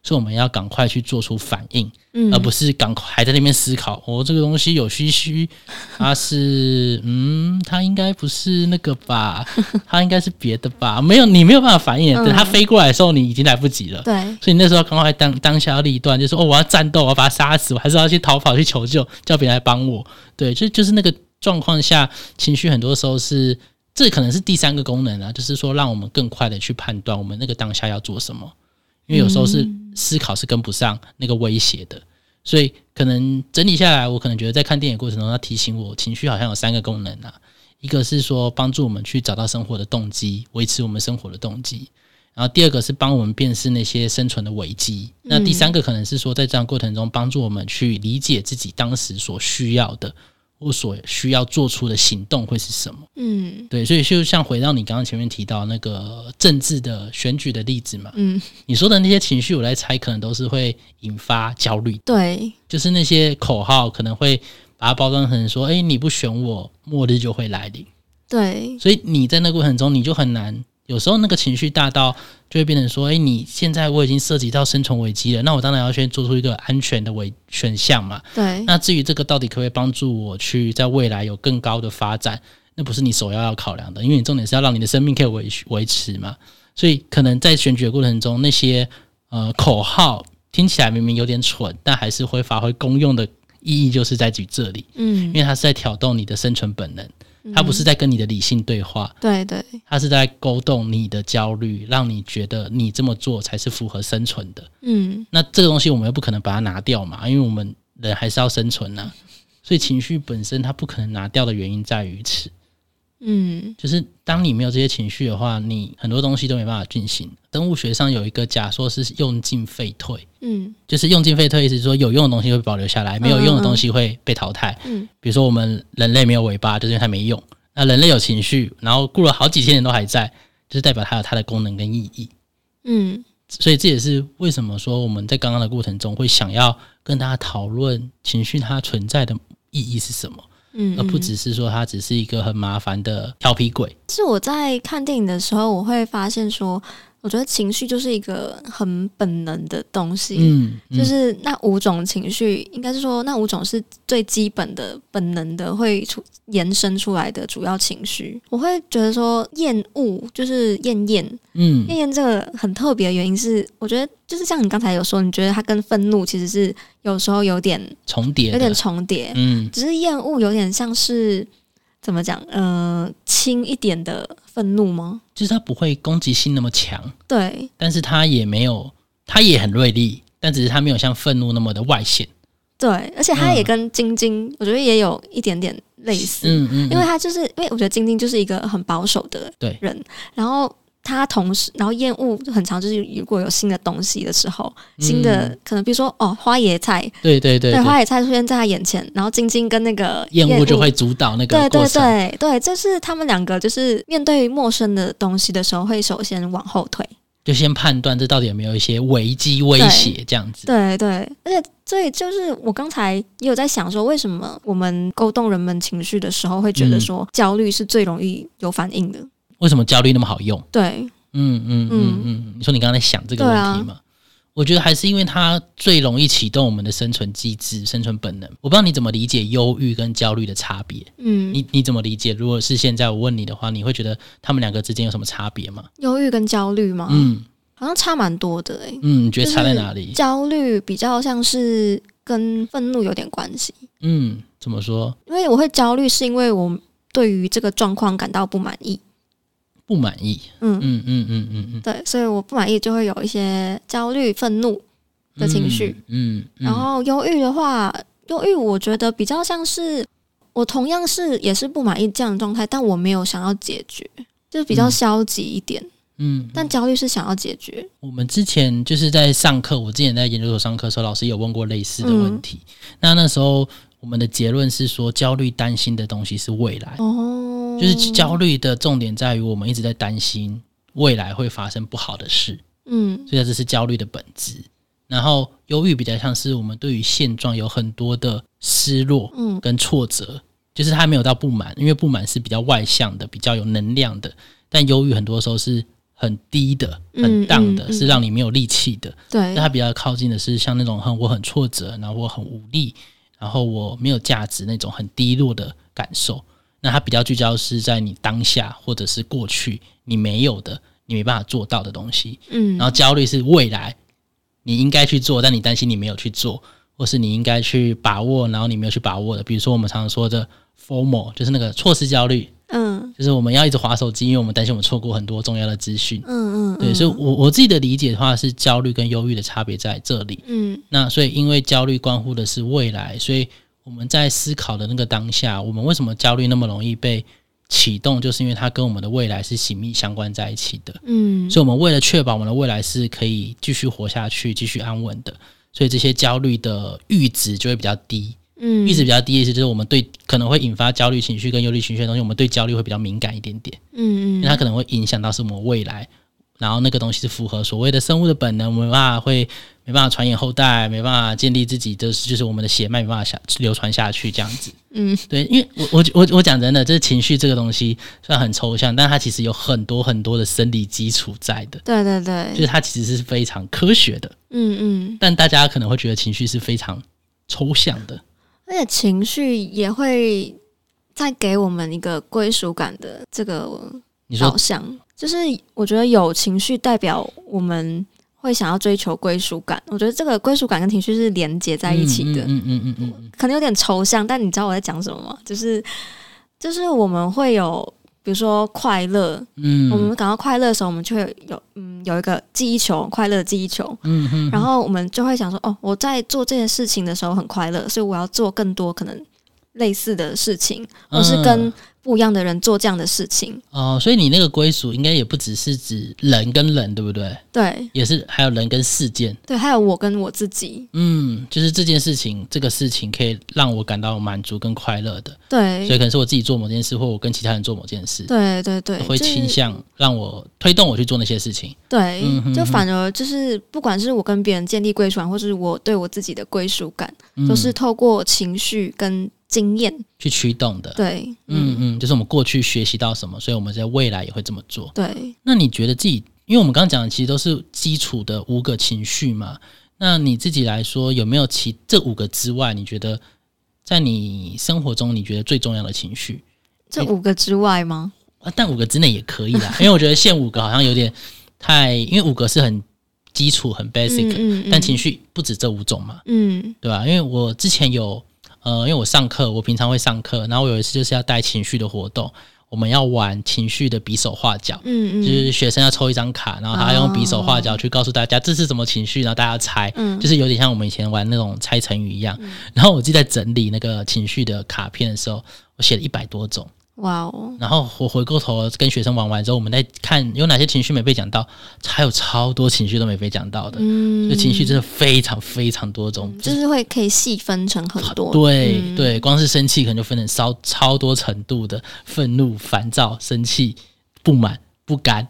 所以我們要趕快去做出反應，嗯、而不是趕快還在那邊思考。哦，這個東西有噓噓，它是嗯，它應該不是那個吧？它應該是別的吧？沒有，你沒有辦法反應。等、嗯、它飛過來的時候，你已經來不及了。對，所以那時候趕快當當下要立斷，就是哦，我要戰鬥，我要把它殺死，我還是要去逃跑去求救，叫別人來幫我。對，就就是那個狀況下，情緒很多時候是。這可能是第三個功能啊，就是說讓我們更快的去判斷我們那個當下要做什麼，因為有時候是思考是跟不上那個威脅的，嗯、所以可能整理下來，我可能覺得在看電影過程中，要提醒我情緒好像有三個功能啊，一個是說幫助我們去找到生活的動機，維持我們生活的動機，然後第二個是幫我們辨識那些生存的危機，嗯、那第三個可能是說在這樣過程中幫助我們去理解自己當時所需要的。我所需要做出的行動會是什麼？嗯，對，所以就像回到你剛剛前面提到那個政治的選舉的例子嘛，嗯，你說的那些情緒，我來猜，可能都是會引發焦慮。對，就是那些口號，可能會把它包裝成說：“欸，你不選我，末日就會來臨。”對，所以你在那過程中，你就很難。有時候那個情緒大到，就會變成說：“哎、欸，你現在我已經涉及到生存危機了，那我當然要先做出一個安全的維選項嘛。”對。那至於這個到底可不可以幫助我去在未來有更高的發展，那不是你首要要考量的，因為你重點是要讓你的生命可以維維持嘛。所以可能在選舉的過程中，那些呃口號聽起來明明有點蠢，但還是會發揮功用的意義，就是在於這裡。嗯。因為它是在挑動你的生存本能。他不是在跟你的理性對話，嗯、對對，他是在勾動你的焦慮，讓你覺得你這麼做才是符合生存的。嗯，那這個東西我們又不可能把它拿掉嘛，因為我們人還是要生存呢、啊，嗯，所以情緒本身它不可能拿掉的原因在於此。嗯，就是當你沒有這些情緒的話，你很多東西都沒辦法進行。生物學上有一個假說是用進廢退，嗯，就是用進廢退意思說有用的東西會保留下來，沒有用的東西會被淘汰。嗯，嗯，嗯，嗯，比如說我們人類沒有尾巴，就是因為它沒用。那人類有情緒，然後過了好幾千年都還在，就是代表它有它的功能跟意義。嗯，所以這也是為什麼說我們在剛剛的過程中會想要跟大家討論情緒它存在的意義是什麼。嗯、嗯，而不只是說他只是一個很麻煩的調皮鬼。是我在看電影的時候，我會發現說。我覺得情緒就是一個很本能的東西，嗯，嗯，就是那五種情緒，應該是說那五種是最基本的本能的，會出延伸出來的主要情緒。我會覺得說厭惡就是厭厭，嗯，厭厭這個很特別的原因是，我覺得就是像你剛才有說，你覺得它跟憤怒其實是有時候有點重疊，有點重疊，嗯，只是厭惡有點像是。怎麼講？嗯、呃，輕一點的憤怒嗎？就是他不會攻擊性那麼強，對。但是他也沒有，他也很銳利，但只是他沒有像憤怒那麼的外顯。對，而且他也跟驚驚，嗯、我覺得也有一點點類似，嗯嗯。嗯嗯因為他就是因為我覺得驚驚就是一個很保守的人，對，然後。他同時，然後厭惡很常，就是如果有新的東西的時候，嗯、新的可能，比如說哦，花椰菜，對對對，對，對，對花椰菜出現在他眼前，然後驚驚跟那個厭惡就會主導那個過程，對對對對，就是他們兩個就是面對陌生的東西的時候，會首先往後退，就先判斷這到底有沒有一些危機威脅這樣子，對，對對，而且所以就是我剛才也有在想說，為什麼我們勾動人們情緒的時候，會覺得說焦慮是最容易有反應的。嗯為什麼焦慮那麼好用？對，嗯嗯嗯嗯，你說你剛才想這個問題嗎？啊、我覺得還是因為它最容易啟動我們的生存機制，生存本能。我不知道你怎麼理解憂鬱跟焦慮的差別。嗯，你你怎麼理解？如果是現在我問你的話，你會覺得他們兩個之間有什麼差別嗎？憂鬱跟焦慮嗎？嗯，好像差蠻多的誒、欸，嗯，你覺得差在哪裡？焦慮比較像是跟憤怒有點關係。嗯，怎麼說？因為我會焦慮，是因為我對於這個狀況感到不滿意。不滿意，嗯嗯嗯嗯嗯嗯，嗯嗯嗯嗯對，所以我不滿意就會有一些焦慮、憤怒的情緒，嗯，嗯，嗯，然後憂鬱的話，憂鬱我覺得比較像是我同樣是也是不滿意這樣的狀態，但我沒有想要解決，就是比較消極一點，嗯，嗯嗯，但焦慮是想要解決。我們之前就是在上課，我之前在研究所上課的時候，老師有問過類似的問題，嗯，那那時候我們的結論是說，焦慮擔心的東西是未來，哦。就是焦慮的重點在於我們一直在擔心未來會發生不好的事，嗯，所以這是焦慮的本質。然後憂鬱比較像是我們對於現狀有很多的失落，跟挫折，嗯、就是它沒有到不滿，因為不滿是比較外向的，比較有能量的，但憂鬱很多時候是很低的、很蕩的，嗯嗯嗯、是讓你沒有力氣的。對，那它比較靠近的是像那種很我很挫折，然後我很無力，然後我沒有價值那種很低落的感受。那它比較聚焦是在你當下或者是過去你沒有的，你沒辦法做到的東西。嗯，然後焦慮是未來你應該去做，但你擔心你沒有去做，或是你應該去把握，然後你沒有去把握的。比如說我們常常說的「FOMO」，就是那個錯失焦慮。嗯，就是我們要一直滑手機，因為我們擔心我們錯過很多重要的資訊。嗯，嗯嗯，對。所以我我自己的理解的話，是焦慮跟憂鬱的差別在這裡。嗯，那所以因為焦慮關乎的是未來，所以。我們在思考的那個當下，我們為什麼焦慮那麼容易被啟動？就是因為它跟我們的未來是緊密相關在一起的。嗯，所以，我們為了確保我們的未來是可以繼續活下去、繼續安穩的，所以這些焦慮的閾值就會比較低。嗯，閾值比較低意思就是，我們對可能會引發焦慮情緒跟憂慮情緒的東西，我們對焦慮會比較敏感一點點。嗯嗯，因為它可能會影響到是我們未來，然後那個東西是符合所謂的生物的本能，我們啊會。沒辦法傳衍後代，沒辦法建立自己，就是就是我們的血脈沒辦法下流傳下去，這樣子。嗯，對，因為我我我我講真的，就是情緒這個東西雖然很抽象，但它其實有很多很多的生理基礎在的。對對對，就是它其實是非常科學的。嗯嗯。但大家可能會覺得情緒是非常抽象的。而且情緒也會再給我們一個歸屬感的這個導向，你說 就是我覺得有情緒代表我們。會想要追求歸屬感，我覺得這個歸屬感跟情緒是連接在一起的。嗯嗯嗯嗯，嗯，可能有點抽象，但你知道我在講什麼嗎？就是就是我們會有，比如說快樂，嗯，我們感到快樂的時候，我們就會有嗯有一個記憶球，快樂記憶球，嗯，嗯，然後我們就會想說，哦，我在做這件事情的時候很快樂，所以我要做更多可能。類似的事情，或是跟不一樣的人做這樣的事情哦、嗯呃，所以你那個歸屬應該也不只是指人跟人，對不對？對，也是還有人跟事件，對，還有我跟我自己，嗯，就是這件事情，這個事情可以讓我感到滿足跟快樂的，對，所以可能是我自己做某件事，或我跟其他人做某件事，對對對，會傾向讓我、就是、推動我去做那些事情，對，嗯、哼哼就反而就是不管是我跟別人建立歸屬，或是我對我自己的歸屬感，都、嗯、是透過情緒跟。經驗去驅動的，對，嗯嗯，就是我們過去學習到什麼，所以我們在未來也會這麼做。對，那你覺得自己，因為我們剛剛講的其實都是基礎的五個情緒嘛，那你自己來說，有沒有其這五個之外，你覺得在你生活中你覺得最重要的情緒？這五個之外嗎？啊，但五個之內也可以啦， 因為我覺得限五個好像有點太，因為五個是很基礎、很 basic，嗯嗯嗯，但情緒不止這五種嘛，嗯，對吧，啊？因為我之前有。呃，因為我上課，我平常會上課，然後我有一次就是要帶情緒的活動，我們要玩情緒的比手畫腳，嗯嗯，就是學生要抽一張卡，然後他用比手畫腳去告訴大家這是什麼情緒，然後大家要猜，嗯，就是有點像我們以前玩那種猜成語一樣。然後我自己在整理那個情緒的卡片的時候，我寫了一百多種。哇哦！Wow，然後我回過頭跟學生玩完之後，我們再看有哪些情緒沒被講到，還有超多情緒都沒被講到的。嗯，所以情緒真的非常非常多種，嗯、就是會可以細分成很多。對、嗯、對，光是生氣可能就分成超超多程度的憤怒、煩躁、生氣、不滿、不甘，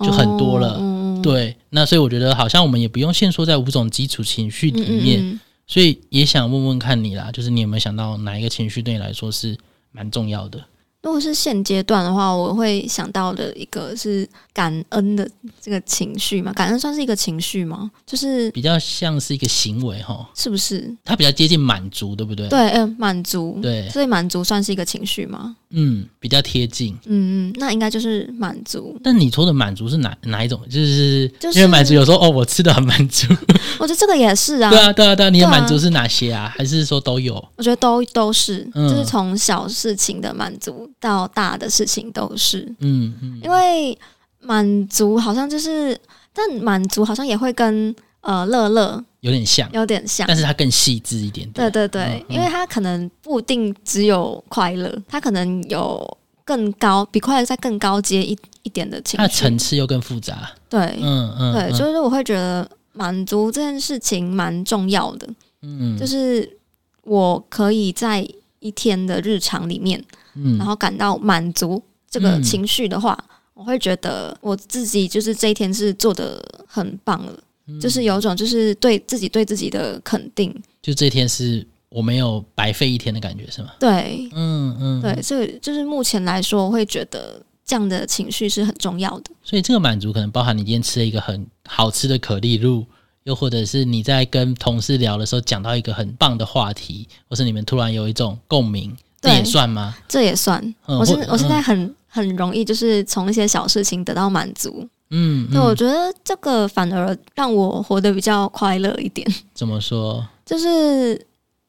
就很多了。哦、對，那所以我覺得好像我們也不用限縮在五種基礎情緒裡面。嗯嗯嗯。所以也想問問看你啦，就是你有沒有想到哪一個情緒對你來說是蠻重要的？如果是現階段的話，我會想到的一個是感恩的這個情緒嘛？感恩算是一個情緒嗎？就是比較像是一個行為哈，是不是？它比較接近滿足，對不對？對，嗯、欸，滿足，對，所以滿足算是一個情緒嗎？嗯，比較貼近，嗯嗯，那應該就是滿足。但你說的滿足是哪哪一種？就是就是因為滿足，有時候哦，我吃得很滿足， 我覺得這個也是啊。對啊，對啊，對啊，你的滿足是哪些啊？啊還是說都有？我覺得都都是，就是從小事情的滿足。到大的事情都是，嗯，嗯，因為滿足好像就是，但滿足好像也會跟呃，樂樂有點像，有點像，但是它更細緻一點點。對對對，嗯、因為它可能不一定只有快樂，它可能有更高，比快樂再更高階一一點的情。那層次又更複雜。對，嗯嗯，嗯對，所以說我會覺得滿足這件事情蠻重要的。嗯，嗯，就是我可以在一天的日常裡面。嗯、然後感到滿足這個情緒的話，嗯、我會覺得我自己就是這一天是做得很棒了，嗯、就是有一種就是對自己對自己的肯定。就這一天是我沒有白費一天的感覺是嗎？對，嗯嗯，嗯對，所以就是目前來說，我會覺得這樣的情緒是很重要的。所以這個滿足可能包含你今天吃了一個很好吃的可麗露，又或者是你在跟同事聊的時候講到一個很棒的話題，或是你們突然有一種共鳴。對也算嗎？這也算。我現我現在很、嗯、很容易，就是從一些小事情得到滿足嗯。嗯，對我覺得這個反而讓我活得比較快樂一點。怎麼說？就是。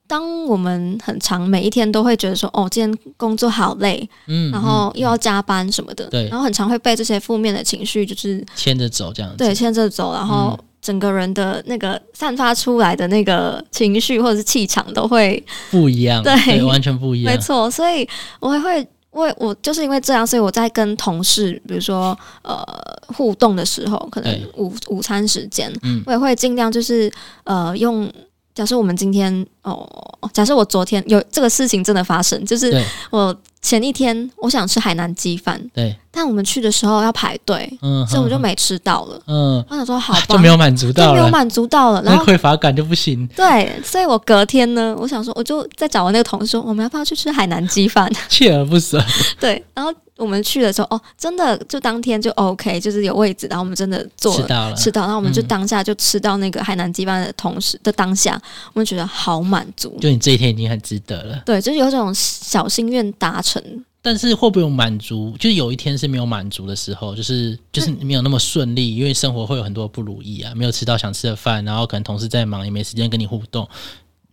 當我們很常每一天都會覺得說，哦，今天工作好累，嗯，然後又要加班什麼的，嗯、對，然後很常會被這些負面的情緒就是牽着走這樣子，對，牽着走，然後整個人的那個散發出來的那個情緒或者是氣場都會不一樣，對，對，完全不一樣，沒錯。所以我還會，我我就是因為這樣，所以我在跟同事，比如說呃，互動的時候，可能午對午餐時間，嗯，我也會盡量就是呃用。假設我們今天哦，假設我昨天有這個事情真的發生，就是我前一天我想吃海南雞飯，對，但我們去的時候要排隊，嗯，所以我就沒吃到了，嗯，我想說好，就沒有滿足到，就沒有滿足到了，到了嗯，然後匱乏感就不行，對，所以我隔天呢，我想說我就再找我那個同事說，我們要不要去吃海南雞飯，鍥而不舍，對，然後。我們去的時候，哦，真的就當天就 OK，就是有位置，然後我們真的坐吃到了，吃到，然後我們就當下就吃到那個海南雞飯的同時，的當下，我們覺得好滿足。就你這一天已經很值得了，對，就是有這種小心願達成。但是會不會有滿足？就是有一天是沒有滿足的時候，就是就是沒有那麼順利，嗯、因為生活會有很多不如意啊，沒有吃到想吃的飯，然後可能同事在忙，也沒時間跟你互動。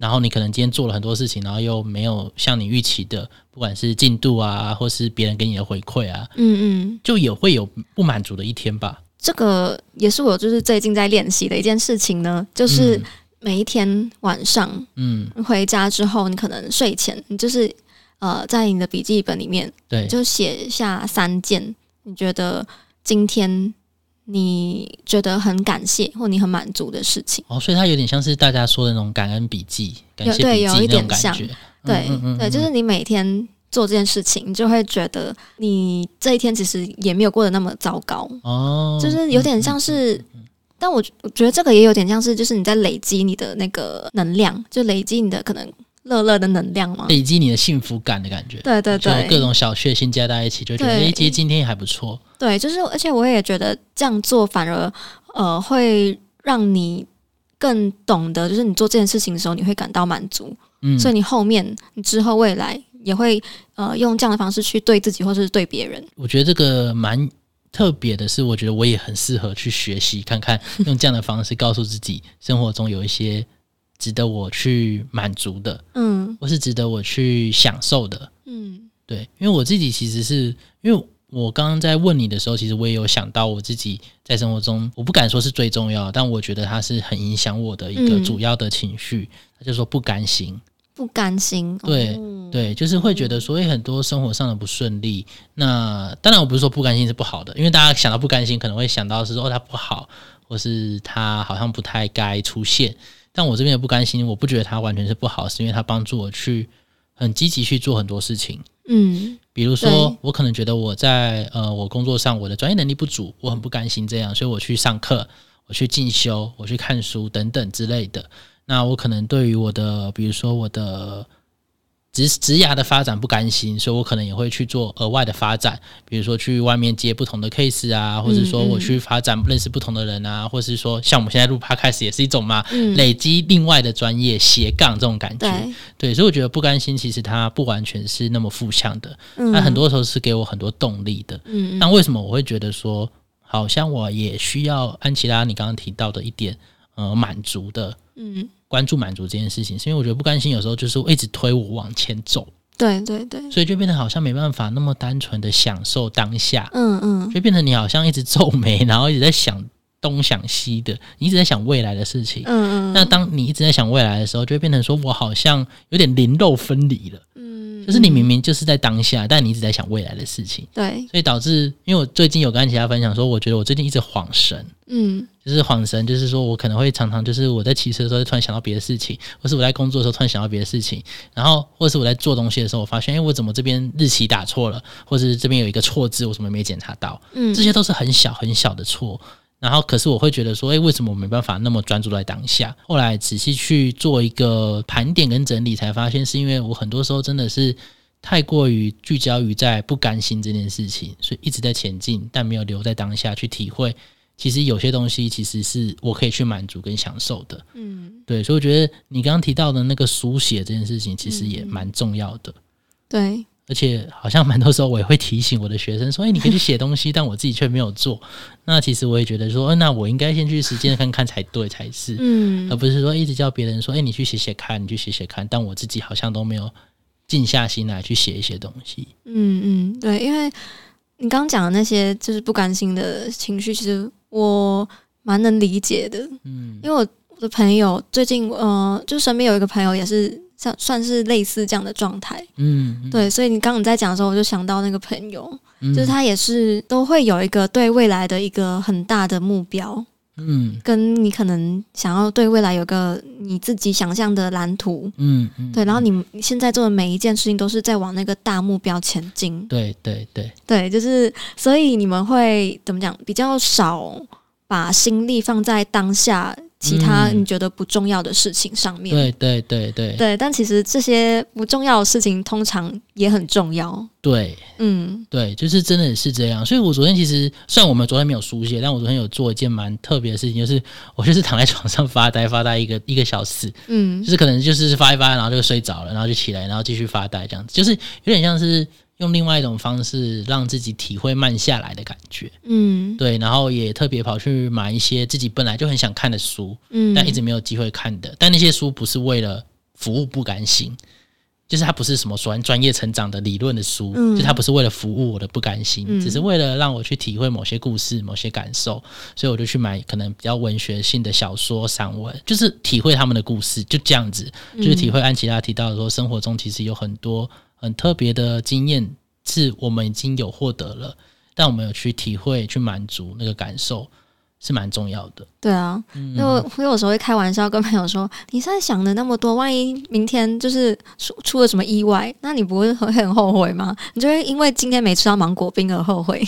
然後你可能今天做了很多事情，然後又沒有像你預期的，不管是進度啊，或是別人給你的回饋啊，嗯嗯，就也會有不滿足的一天吧。這個也是我就是最近在練習的一件事情呢，就是每一天晚上，嗯，回家之後，你可能睡前，你就是呃，在你的筆記本裡面，對，就寫下三件你覺得今天。你覺得很感謝，或你很滿足的事情哦，所以它有點像是大家說的那種感恩筆記，有感謝筆記，對，有一點像，那種感覺。對，嗯嗯嗯對，就是你每天做這件事情，你就會覺得你這一天其實也沒有過得那麼糟糕哦，就是有點像是。嗯嗯嗯但我我覺得這個也有點像是，就是你在累積你的那個能量，就累積你的可能。樂樂的能量嗎？累積你的幸福感的感覺，對對對，就各種小確幸加在一起，就覺得哎，其實對今天也還不錯。對，就是，而且我也覺得這樣做反而呃，會讓你更懂得，就是你做這件事情的時候，你會感到滿足。嗯，所以你後面、你之後、未來也會呃，用這樣的方式去對自己，或是對別人。我覺得這個蠻特別的，是我覺得我也很適合去學習看看， 用這樣的方式告訴自己，生活中有一些。值得我去滿足的，嗯，我是值得我去享受的，嗯，對，因為我自己其實是，因為我剛剛在問你的時候，其實我也有想到我自己在生活中，我不敢說是最重要的，但我覺得它是很影響我的一個主要的情緒，嗯、就是說不甘心，不甘心，對，哦、對，就是會覺得，所以很多生活上的不順利，嗯、那當然我不是說不甘心是不好的，因為大家想到不甘心，可能會想到是說哦他不好，或是他好像不太該出現。但我這邊也不甘心，我不覺得它完全是不好，是因為它幫助我去很積極去做很多事情。嗯，比如說，對我可能覺得我在呃，我工作上我的專業能力不足，我很不甘心這樣，所以我去上課，我去進修，我去看書等等之類的。那我可能對於我的，比如說我的。職職涯的發展不甘心，所以我可能也會去做額外的發展，比如說去外面接不同的 case 啊，或者說我去發展認識不同的人啊，嗯嗯、或者是說像我們現在錄 podcast 也是一種嘛，嗯、累積另外的專業斜槓這種感覺。對，對，所以我覺得不甘心其實它不完全是那麼負向的，那、嗯、很多時候是給我很多動力的。嗯，那、嗯、為什麼我會覺得說，好像我也需要安琪拉你剛剛提到的一點，呃，滿足的。嗯。關注滿足這件事情，是因為我覺得不甘心。有時候就是一直推我往前走，對對對，所以就變得好像沒辦法那麼單純的享受當下，嗯嗯，就變成你好像一直皺眉，然後一直在想東想西的，你一直在想未來的事情，嗯嗯。那當你一直在想未來的時候，就會變成說我好像有點零肉分離了，嗯，就是你明明就是在當下，嗯、但你一直在想未來的事情，對，所以導致，因為我最近有跟其他分享說，我覺得我最近一直恍神，嗯。就是恍神，就是說我可能會常常就是我在騎車的時候突然想到別的事情，或是我在工作的時候突然想到別的事情，然後或是我在做東西的時候，我發現欸，我怎麼這邊日期打錯了，或是這邊有一個錯字，我怎麼沒檢查到？嗯，這些都是很小很小的錯，然後可是我會覺得說，欸，為什麼我沒辦法那麼專注在當下？後來仔細去做一個盤點跟整理，才發現是因為我很多時候真的是太過於聚焦於在不甘心這件事情，所以一直在前進，但沒有留在當下去體會。其實有些東西，其實是我可以去滿足跟享受的，嗯，對，所以我覺得你剛剛提到的那個書寫這件事情，其實也蠻重要的，嗯、對，而且好像蠻多時候我也會提醒我的學生說，哎、欸，你可以去寫東西， 但我自己卻沒有做。那其實我也覺得說，呃、那我應該先去實踐看看才對才是，嗯，而不是說一直叫別人說，哎、欸，你去寫寫看，你去寫寫看，但我自己好像都沒有靜下心來去寫一些東西。嗯嗯，對，因為。你剛剛講的那些就是不甘心的情緒，其實我蠻能理解的。嗯，因為我我的朋友最近，呃，就身邊有一個朋友也是像算是類似這樣的狀態、嗯。嗯，對，所以你剛剛你在講的時候，我就想到那個朋友，嗯、就是他也是都會有一個對未來的一個很大的目標。嗯，跟你可能想要對未來有個你自己想象的藍圖，嗯嗯，嗯對，然後你你現在做的每一件事情都是在往那個大目標前進，對對對，對，就是，所以你們會怎麼講，比較少把心力放在當下。其他你覺得不重要的事情上面，嗯、對對對對對，但其實這些不重要的事情通常也很重要。對，嗯，對，就是真的是這樣。所以我昨天其實，雖然我們昨天沒有書寫，但我昨天有做一件蠻特別的事情，就是我就是躺在床上發呆發呆一個一個小時，嗯，就是可能就是發一發，然後就睡着了，然後就起來，然後繼續發呆這樣子，就是有點像是。用另外一種方式讓自己體會慢下來的感覺，嗯，對，然後也特別跑去買一些自己本來就很想看的書，嗯，但一直沒有機會看的。但那些書不是為了服務不甘心，就是它不是什麼專專業成長的理論的書，嗯，就它不是為了服務我的不甘心，嗯，只是為了讓我去體會某些故事、某些感受，所以我就去買可能比較文學性的小說、散文，就是體會他們的故事，就這樣子，就是體會安琪拉提到的，說生活中其實有很多。很特別的經驗是我們已經有獲得了，但我們有去體會、去滿足那個感受是蠻重要的。對啊，因為我、嗯嗯、有時候會開玩笑跟朋友說：“你現在想的那麼多，萬一明天就是出出了什麼意外，那你不會會很後悔嗎？你就會因為今天沒吃到芒果冰而後悔。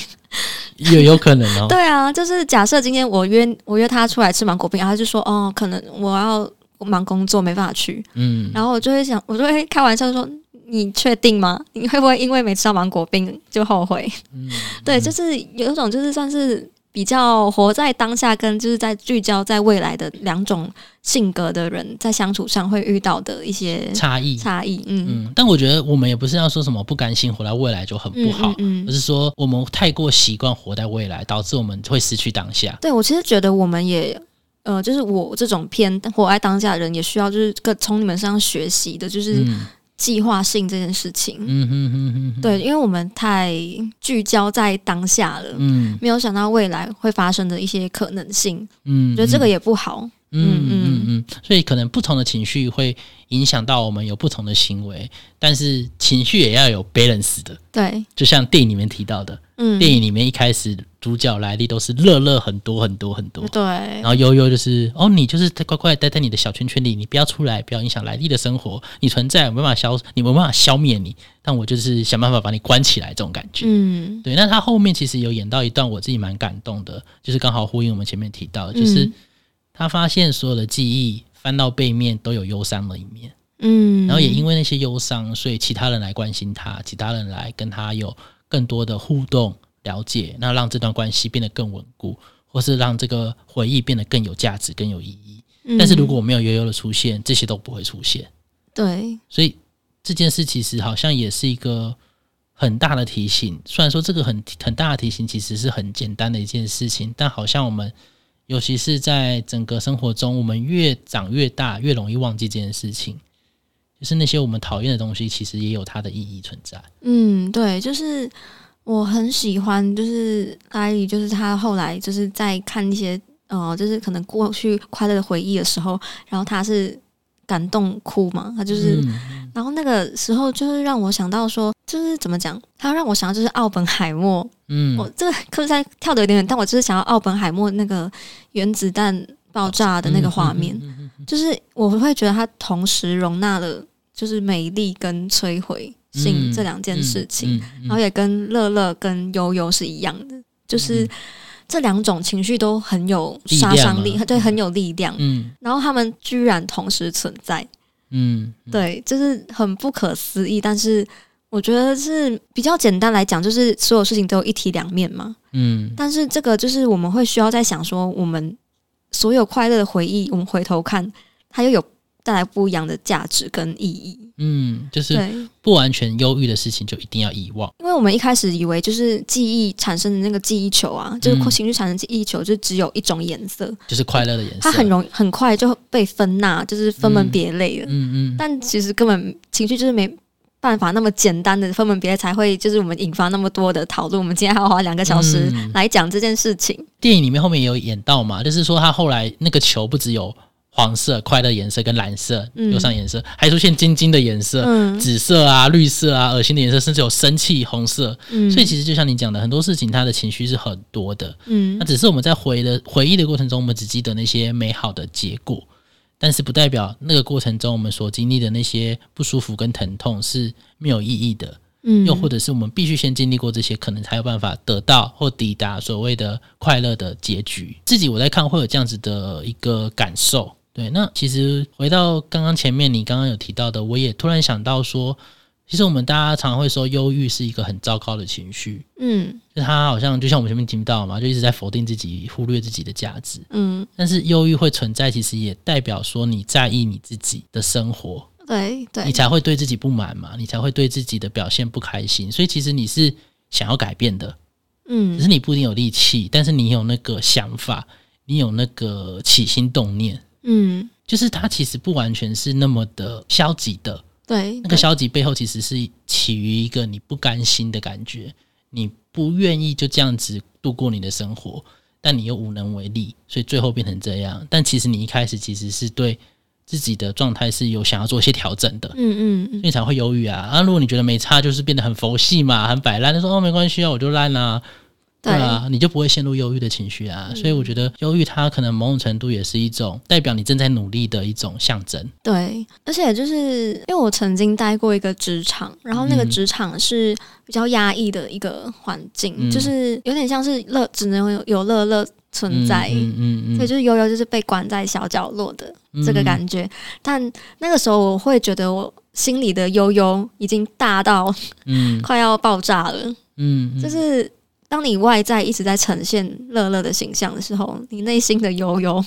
也有可能哦。 對啊，就是假設今天我約我約他出來吃芒果冰，然後他就說哦，可能我要忙工作沒辦法去。嗯，然後我就會想，我就會開玩笑說。你確定嗎？你會不會因為沒吃到芒果冰就後悔？嗯， 對，就是有一種就是算是比較活在當下，跟就是在聚焦在未來的兩種性格的人，在相處上會遇到的一些差異。嗯、差異，嗯，但我覺得我們也不是要說什麼不甘心活在未來就很不好，嗯，嗯，嗯，而是說我們太過習慣活在未來，導致我們會失去當下。對，我其實覺得，我們也呃，就是我這種偏活在當下的人，也需要就是從你們身上學習的，就是。嗯計劃性這件事情，嗯嗯嗯對，因為我們太聚焦在當下了，嗯，沒有想到未來會發生的一些可能性，嗯，嗯，覺得這個也不好，嗯嗯嗯嗯，嗯嗯所以可能不同的情緒會影響到我們有不同的行為，但是情緒也要有 balance 的，對，就像電影裡面提到的，嗯，電影裡面一開始。主角來歷都是樂樂很多很多很多，對。然後悠悠就是哦，你就是乖乖待在你的小圈圈裡，你不要出來，不要影響來歷的生活。你存在我沒辦法消，你沒辦法消滅你，但我就是想辦法把你關起來，這種感覺。嗯，對。那他後面其實有演到一段，我自己蠻感動的，就是剛好呼應我們前面提到的，就是他發現所有的記憶翻到背面都有憂傷的一面。嗯，然後也因為那些憂傷，所以其他人來關心他，其他人來跟他有更多的互動。了解，那讓這段關係變得更穩固，或是讓這個回憶變得更有價值、更有意義。嗯、但是，如果沒有憂憂的出現，這些都不會出現。對，所以這件事其實好像也是一個很大的提醒。雖然說這個很很大的提醒，其實是很簡單的一件事情，但好像我們，尤其是在整個生活中，我們越長越大，越容易忘記這件事情。就是那些我們討厭的東西，其實也有它的意義存在。嗯，對，就是。我很喜歡，就是萊莉，就是他後來就是在看一些呃，就是可能過去快樂的回憶的時候，然後他是感動哭嘛，他就是，嗯、然後那個時候就是讓我想到說，就是怎麼講，他讓我想到就是奧本海默，嗯，我這個可能在跳的有點遠，但我就是想要奧本海默那個原子彈爆炸的那個畫面，嗯嗯、就是我會覺得他同時容納了就是美麗跟摧毀。性這兩件事情，嗯嗯嗯、然後也跟樂樂跟憂憂是一樣的，嗯、就是這兩種情緒都很有殺傷力，力對，很有力量。嗯，然後他們居然同時存在，嗯，嗯對，就是很不可思議。但是我覺得是比較簡單來講，就是所有事情都有一體兩面嘛，嗯。但是這個就是我們會需要再想說，我們所有快樂的回憶，我們回頭看，它又有。帶來不一樣的價值跟意義。嗯，就是不完全憂鬱的事情就一定要遺忘，因為我們一開始以為就是記憶產生的那個記憶球啊，嗯、就是情緒產生記憶球，就只有一種顏色，就是快樂的顏色，它很容易很快就被分納，就是分門別類了。嗯嗯。嗯嗯，但其實根本情緒就是沒辦法那麼簡單的分門別類，才會就是我們引發那麼多的討論。我們今天還要花兩個小時來講這件事情，嗯。電影裡面後面也有演到嘛，就是說他後來那個球不只有。黃色、快樂顏色跟藍色，憂傷顏色，還出現晶晶的顏色、嗯、紫色啊、綠色啊、噁心的顏色，甚至有生氣、紅色。嗯、所以其實就像你講的，很多事情它的情緒是很多的。嗯，那只是我們在回的回憶的過程中，我們只記得那些美好的結果，但是不代表那個過程中我們所經歷的那些不舒服跟疼痛是沒有意義的。嗯，又或者是我們必須先經歷過這些，可能才有辦法得到或抵達所謂的快樂的結局。自己我在看會有這樣子的一個感受。對，那其實回到剛剛前面，你剛剛有提到的，我也突然想到說，其實我們大家常常會說，憂鬱是一個很糟糕的情緒，嗯，就它好像就像我們前面聽到嘛，就一直在否定自己，忽略自己的價值，嗯，但是憂鬱會存在，其實也代表說，你在意你自己的生活，對對，對你才會對自己不滿嘛，你才會對自己的表現不開心，所以其實你是想要改變的，嗯，只是你不一定有力氣，但是你有那個想法，你有那個起心動念。嗯，就是它其實不完全是那麼的消極的，對，那個消極背後其實是起於一個你不甘心的感覺，你不願意就這樣子度過你的生活，但你又無能為力，所以最後變成這樣。但其實你一開始其實是對自己的狀態是有想要做一些調整的，嗯嗯嗯，嗯，所以才會憂鬱啊。啊，如果你覺得沒差，就是變得很佛系嘛，很擺爛，說哦沒關係啊，我就爛啊。對啊，你就不會陷入憂鬱的情緒啊。嗯、所以我覺得憂鬱，它可能某種程度也是一種代表你正在努力的一種象徵。對，而且就是因為我曾經待過一個職場，然後那個職場是比較壓抑的一個環境，嗯、就是有點像是樂，只能有，有樂樂存在。嗯嗯嗯。嗯嗯嗯嗯，所以就是憂憂就是被關在小角落的、嗯、這個感覺。但那個時候我會覺得我心裡的憂憂已經大到，嗯，快要爆炸了。嗯，嗯嗯就是。當你外在一直在呈現樂樂的形象的時候，你內心的憂憂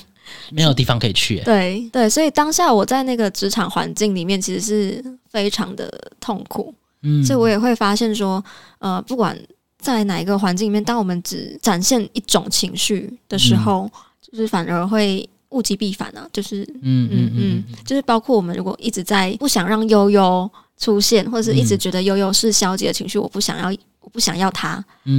沒有地方可以去。對對，所以當下我在那個職場環境裡面，其實是非常的痛苦。嗯，所以我也會發現說，呃，不管在哪一個環境裡面，當我們只展現一種情緒的時候，嗯、就是反而會物極必反啊。就是嗯嗯嗯，嗯，嗯，就是包括我們如果一直在不想讓憂憂出現，或者是一直覺得憂憂是消極的情緒，嗯、我不想要。不想要他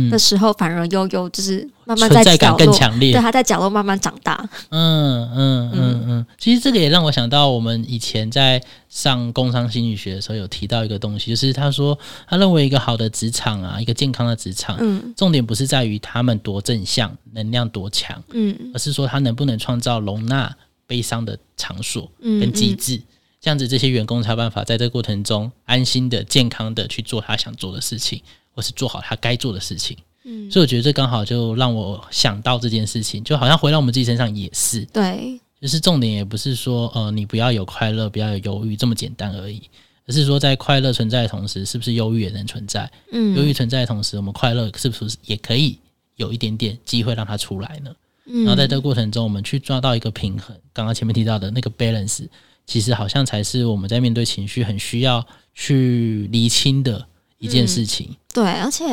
的、嗯、時候，反而悠悠就是慢慢在角落，存在感更強烈，對，他在角落慢慢長大。嗯嗯嗯嗯。嗯嗯嗯，其實這個也讓我想到，我們以前在上工商心理學的時候有提到一個東西，就是他說他認為一個好的職場啊，一個健康的職場，嗯，重點不是在於他們多正向、能量多強，嗯，而是說他能不能創造容納悲傷的場所跟機制，嗯嗯，這樣子這些員工才有辦法在這過程中安心的、健康的去做他想做的事情。或是做好他該做的事情，嗯，所以我覺得這剛好就讓我想到這件事情，就好像回到我們自己身上也是，對，就是重點也不是說呃你不要有快樂，不要有憂鬱這麼簡單而已，而是說在快樂存在的同時，是不是憂鬱也能存在？嗯，憂鬱存在的同時，我們快樂是不是也可以有一點點機會讓它出來呢？嗯，然後在這個過程中，我們去抓到一個平衡，剛剛前面提到的那個 balance，其實好像才是我們在面對情緒很需要去釐清的。一件事情，嗯、對，而且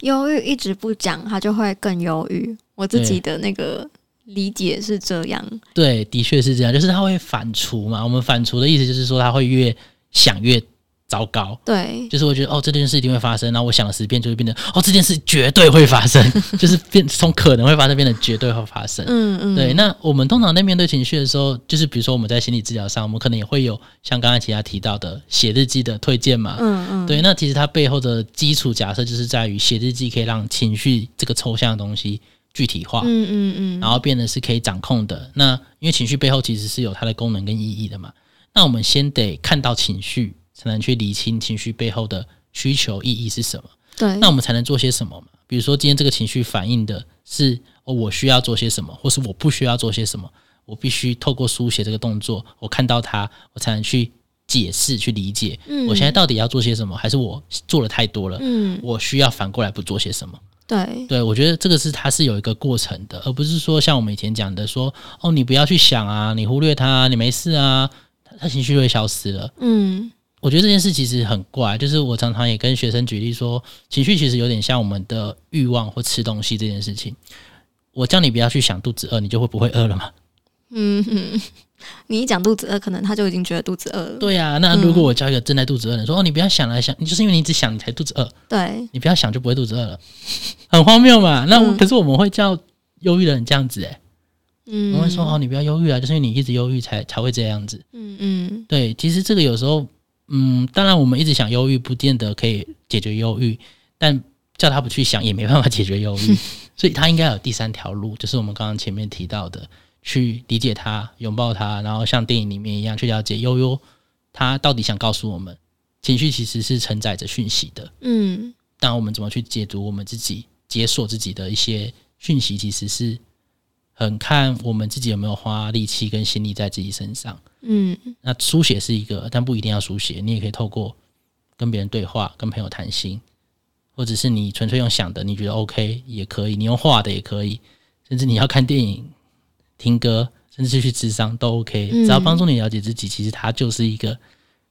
憂鬱一直不講，他就會更憂鬱。我自己的那個理解是這樣，對，對，的確是這樣，就是他會反芻嘛。我們反芻的意思就是說，他會越想越多。糟糕，對，就是我覺得哦，這件事一定會發生。然後我想了十遍，就會變成哦，這件事絕對會發生， 就是變從可能會發生，變成絕對會發生。嗯嗯，對。那我們通常在面對情緒的時候，就是比如說我們在心理治療上，我們可能也會有像剛才其他提到的寫日記的推薦嘛。嗯嗯，對。那其實它背後的基礎假設就是在於寫日記可以讓情緒這個抽象的東西具體化。嗯嗯嗯，然後變得是可以掌控的。那因為情緒背後其實是有它的功能跟意義的嘛。那我們先得看到情緒。才能去理清情緒背後的需求意義是什麼？對，那我們才能做些什麼嘛？比如說，今天這個情緒反映的是，哦，我需要做些什麼，或是我不需要做些什麼？我必須透過書寫這個動作，我看到它，我才能去解釋、去理解，我現在到底要做些什麼，嗯、還是我做了太多了？嗯，我需要反過來不做些什麼？對，對我覺得這個是它是有一個過程的，而不是說像我們以前講的，說哦，你不要去想啊，你忽略它，你沒事啊，它情緒就會消失了。嗯。我覺得這件事其實很怪，就是我常常也跟學生舉例說，情緒其實有點像我們的欲望或吃東西這件事情。我叫你不要去想肚子餓，你就會不會餓了嗎？嗯，哼，你一講肚子餓，可能他就已經覺得肚子餓了。對呀、啊，那如果我叫一個正在肚子餓的人說：“嗯、哦，你不要想來想就是因為你一直想，你才肚子餓。”對，你不要想就不會肚子餓了，很荒謬嘛。那、嗯、可是我們會叫憂鬱的人這樣子誒、欸。嗯，我們會說：“哦，你不要憂鬱啊，就是因為你一直憂鬱才才會這樣子。”嗯嗯，對，其實這個有時候。嗯，當然，我們一直想憂鬱，不見得可以解決憂鬱，但叫他不去想也沒辦法解決憂鬱，嗯、所以他應該有第三條路，就是我們剛剛前面提到的，去理解他，擁抱他，然後像電影裡面一樣去了解悠悠他到底想告訴我們，情緒其實是承載着訊息的。嗯，但，我們怎麼去解讀我們自己，解鎖自己的一些訊息，其實是。很看我們自己有沒有花力氣跟心力在自己身上，嗯，那書寫是一個，但不一定要書寫，你也可以透過跟別人對話、跟朋友談心，或者是你純粹用想的，你覺得 OK 也可以，你用畫的也可以，甚至你要看電影、聽歌，甚至是去諮商都 OK，只要幫助你了解自己，嗯、其實它就是一個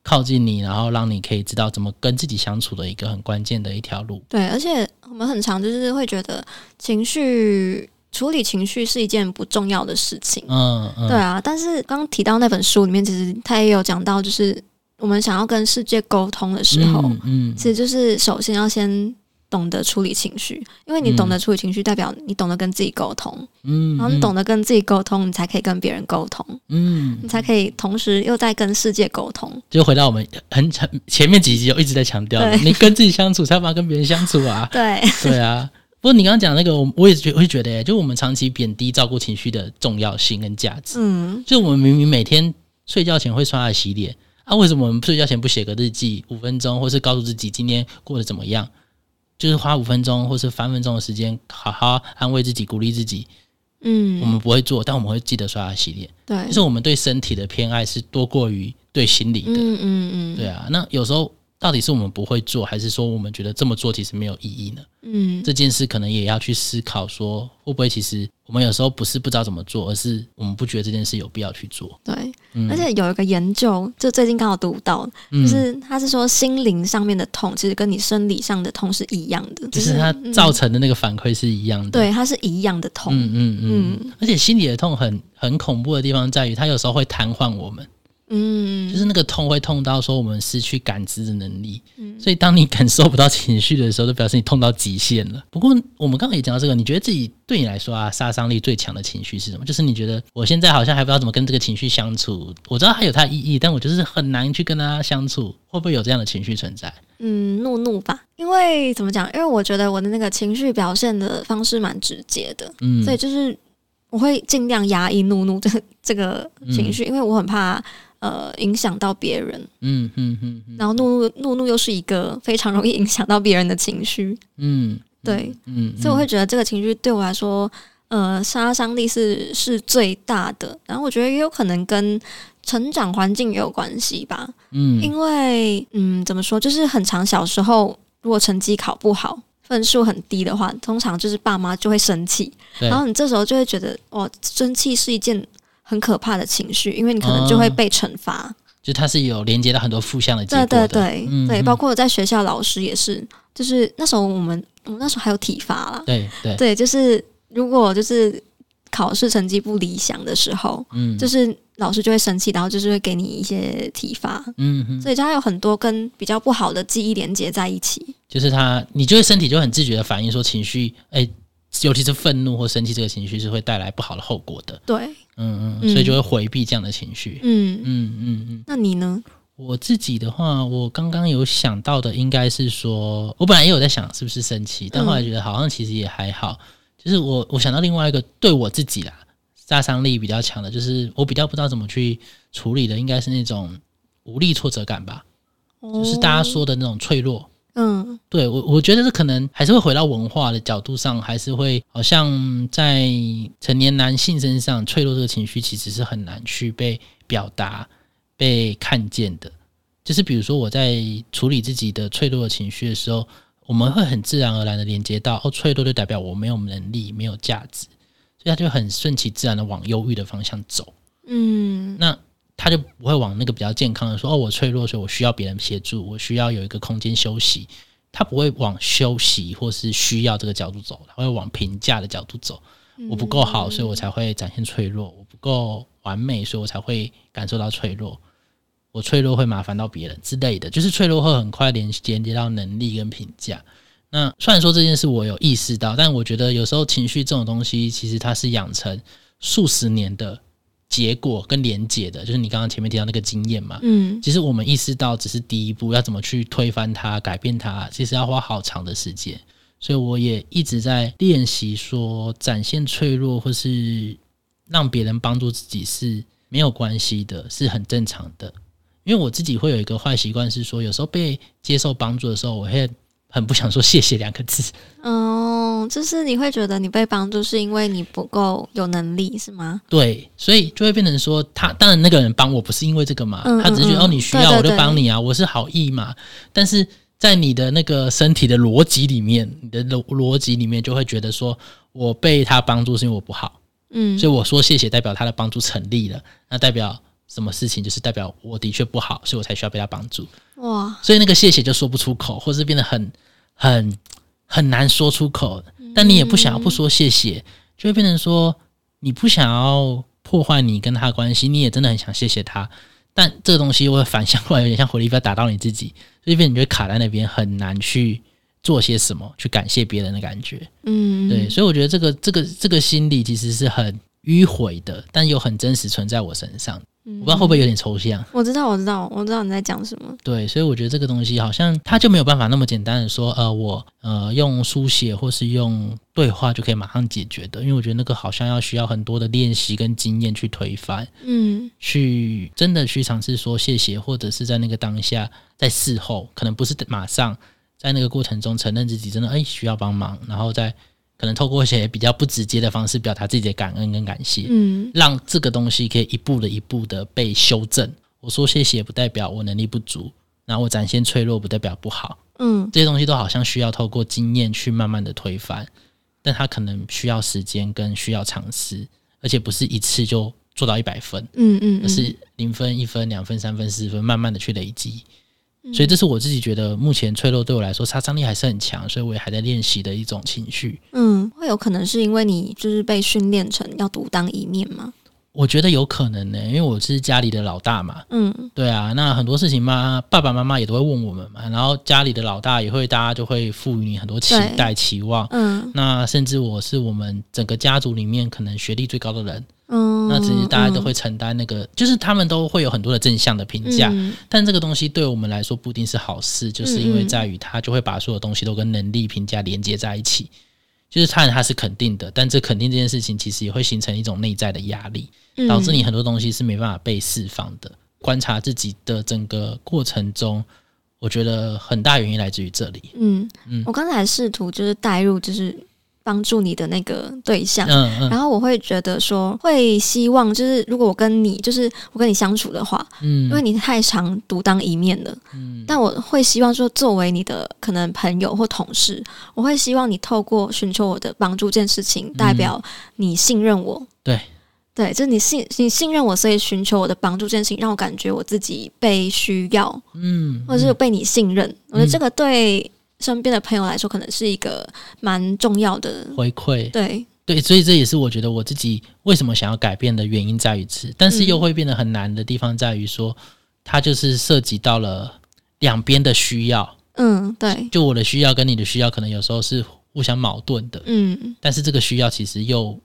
靠近你，然後讓你可以知道怎麼跟自己相處的一個很關鍵的一條路。對，而且我們很常就是會覺得情緒。處理情緒是一件不重要的事情，嗯，嗯對啊。但是剛提到那本書裡面，其實他也有講到，就是我們想要跟世界溝通的時候，嗯，嗯其實就是首先要先懂得處理情緒，因為你懂得處理情緒，代表你懂得跟自己溝通，嗯，然後你懂得跟自己溝通，嗯、你才可以跟別人溝通，嗯，你才可以同時又在跟世界溝通。就回到我們很，很前面幾集，有一直在強調，對 你跟自己相處，才不要跟別人相處啊， 對，對啊。不過你剛剛講那個，我我也覺，我也覺得哎，就我們長期貶低照顧情緒的重要性跟價值。嗯，就我們明明每天睡覺前會刷牙洗臉，啊，為什麼我們睡覺前不寫個日記，五分鐘，或是告訴自己今天過得怎麼樣？就是花五分鐘或是三分鐘的時間，好好安慰自己、鼓勵自己。嗯，我們不會做，但我們會記得刷牙洗臉。對，就是我們對身體的偏愛是多過於對心理的。嗯嗯嗯，對啊，那有時候。到底是我們不會做，還是說我們覺得這麼做其實沒有意義呢？嗯，這件事可能也要去思考說，說會不會其實我們有時候不是不知道怎麼做，而是我們不覺得這件事有必要去做。對，嗯、而且有一個研究，就最近剛好讀到，就是他、嗯、是說心靈上面的痛，其實跟你生理上的痛是一樣的，就是它造成的那個反饋是一樣的，對，它是一樣的痛。嗯嗯嗯，嗯嗯嗯而且心理的痛很很恐怖的地方在於，它有時候會癱瘓我們。嗯，就是那個痛會痛到說我們失去感知的能力，嗯，所以當你感受不到情緒的時候，就表示你痛到極限了。不過我們剛剛也講到這個，你覺得自己對你來說啊，殺傷力最強的情緒是什麼？就是你覺得我現在好像還不知道怎麼跟這個情緒相處。我知道它有它的意義，但我就是很難去跟它相處。會不會有這樣的情緒存在？嗯，怒怒吧，因為怎麼講？因為我覺得我的那個情緒表現的方式蠻直接的，嗯，所以就是我會儘量壓抑怒怒的這個情緒，嗯，因為我很怕。呃，影響到別人，嗯嗯嗯，嗯嗯，然後怒怒怒怒又是一個非常容易影響到別人的情緒，嗯對嗯，嗯，對，嗯，所以我會覺得這個情緒對我來說，呃，殺傷力是是最大的。然後我覺得也有可能跟成長環境也有關係吧，嗯，因為嗯，怎麼說，就是很常小時候，如果成績考不好，分數很低的話，通常就是爸媽就會生氣，對，然後你這時候就會覺得，哇，生氣是一件，很可怕的情緒，因為你可能就會被懲罰、嗯。就它是有連接到很多負向的結果，的對對對、嗯、哼對，包括在學校，老師也是，就是那時候我們我們那時候還有體罰啦，對對對，就是如果就是考試成績不理想的時候，嗯，就是老師就會生氣，然後就是會給你一些體罰。嗯哼，所以它有很多跟比較不好的記憶連接在一起。就是他，你就會身體就很自覺的反應說情，情緒，哎，尤其是憤怒或生氣這個情緒是會帶來不好的後果的。對。嗯嗯，嗯所以就會迴避這樣的情緒、嗯嗯。嗯嗯嗯嗯，那你呢？我自己的話，我剛剛有想到的，應該是說，我本來也有在想是不是生氣，但後來覺得好像其實也還好。嗯、就是我我想到另外一個對我自己啦殺傷力比較強的，就是我比較不知道怎麼去處理的，應該是那種無力挫折感吧，哦、就是大家說的那種脆弱。嗯，對，我，我覺得這可能還是會回到文化的角度上，還是會好像在成年男性身上，脆弱這個情緒其實是很難去被表達、被看見的。就是比如說，我在處理自己的脆弱的情緒的時候，我們會很自然而然的連接到，哦，脆弱就代表我沒有能力、沒有價值，所以他就很順其自然的往憂鬱的方向走。嗯，那。他就不會往那個比較健康的說哦，我脆弱，所以我需要別人協助，我需要有一個空間休息。他不會往休息或是需要這個角度走，他會往評價的角度走。我不夠好，所以我才會展現脆弱；我不夠完美，所以我才會感受到脆弱；我脆弱會麻煩到別人之類的。就是脆弱會很快連接到能力跟評價。那雖然說這件事我有意識到，但我覺得有時候情緒這種東西，其實它是養成數十年的。結果跟連接的，就是你剛剛前面提到那個經驗嘛。嗯，其實我們意識到只是第一步，要怎麼去推翻它、改變它，其實要花好長的時間。所以我也一直在練習說，展現脆弱或是讓別人幫助自己是沒有關係的，是很正常的。因為我自己會有一個壞習慣，是說有時候被接受幫助的時候，我會。很不想說謝謝兩個字，哦、嗯，就是你會覺得你被幫助是因為你不夠有能力，是嗎？對，所以就會變成說他，他當然那個人幫我不是因為這個嘛，嗯嗯、他只是覺得哦，你需要我就幫你啊，對對對，我是好意嘛。但是在你的那個身體的邏輯裡面，你的邏邏輯裡面就會覺得說我被他幫助是因為我不好，嗯，所以我說謝謝代表他的幫助成立了，那代表什麼事情？就是代表我的確不好，所以我才需要被他幫助。哇，所以那個謝謝就說不出口，或是變得很、很、很難說出口。但你也不想要不說謝謝，嗯、就會變成說你不想要破壞你跟他的關係，你也真的很想謝謝他。但這個東西會反向過來，有點像回力鏢打到你自己，所以變成就會卡在那邊，很難去做些什麼去感謝別人的感覺。嗯，對。所以我覺得這個、這個、這個心理其實是很迂回的，但又很真實存在我身上。我不知道會不會有點抽象？嗯，我知道，我知道，我知道你在講什麼。對，所以我覺得這個東西好像它就沒有辦法那麼簡單的說，呃，我呃用書寫或是用對話就可以馬上解決的，因為我覺得那個好像要需要很多的練習跟經驗去推翻，嗯，去真的去嘗試說謝謝，或者是在那個當下，在事後可能不是馬上在那個過程中承認自己真的哎、欸，需要幫忙，然後再。可能透過一些比較不直接的方式表達自己的感恩跟感謝，嗯，讓這個東西可以一步的一步的被修正。我說謝謝，不代表我能力不足，然後我展現脆弱不代表不好，嗯，這些東西都好像需要透過經驗去慢慢的推翻，但它可能需要時間跟需要嘗試，而且不是一次就做到一百分，嗯嗯嗯，而是零分、一分、兩分、三分、四分，慢慢的去累積。所以這是我自己覺得，目前脆弱對我來說殺傷力還是很強，所以我也還在練習的一種情緒。嗯，會有可能是因為你就是被訓練成要獨當一面嗎？我覺得有可能呢、欸，因為我是家裡的老大嘛。嗯，對啊，那很多事情嘛，爸爸媽媽也都會問我們嘛，然後家裡的老大也會，大家就會賦予你很多期待對期望。嗯，那甚至我是我們整個家族裡面可能學歷最高的人。嗯、那其實大家都會承擔那個，嗯、就是他們都會有很多的正向的評價，嗯、但這個東西對我們來說不一定是好事，嗯、就是因為在於他就會把所有東西都跟能力評價連接在一起，就是他人他是肯定的，但這肯定這件事情其實也會形成一種內在的壓力，嗯、導致你很多東西是沒辦法被釋放的。觀察自己的整個過程中，我覺得很大原因來自於這裡。嗯嗯，嗯我剛才試圖就是帶入就是。幫助你的那個對象，嗯嗯、然後我會覺得說，會希望就是如果我跟你就是我跟你相處的話，嗯，因為你太常獨當一面了，嗯，但我會希望說，作為你的可能朋友或同事，我會希望你透過尋求我的幫助這件事情，代表你信任我，對、嗯，對，對就是你信你信任我，所以尋求我的幫助這件事情，讓我感覺我自己被需要，嗯，或者是被你信任，嗯、我覺得這個對。嗯身邊的朋友來說，可能是一個蠻重要的回饋。對對，所以這也是我覺得我自己為什麼想要改變的原因在於此。但是又會變得很難的地方在於說，嗯、它就是涉及到了兩邊的需要。嗯，對。就我的需要跟你的需要，可能有時候是互相矛盾的。嗯，但是這個需要其實又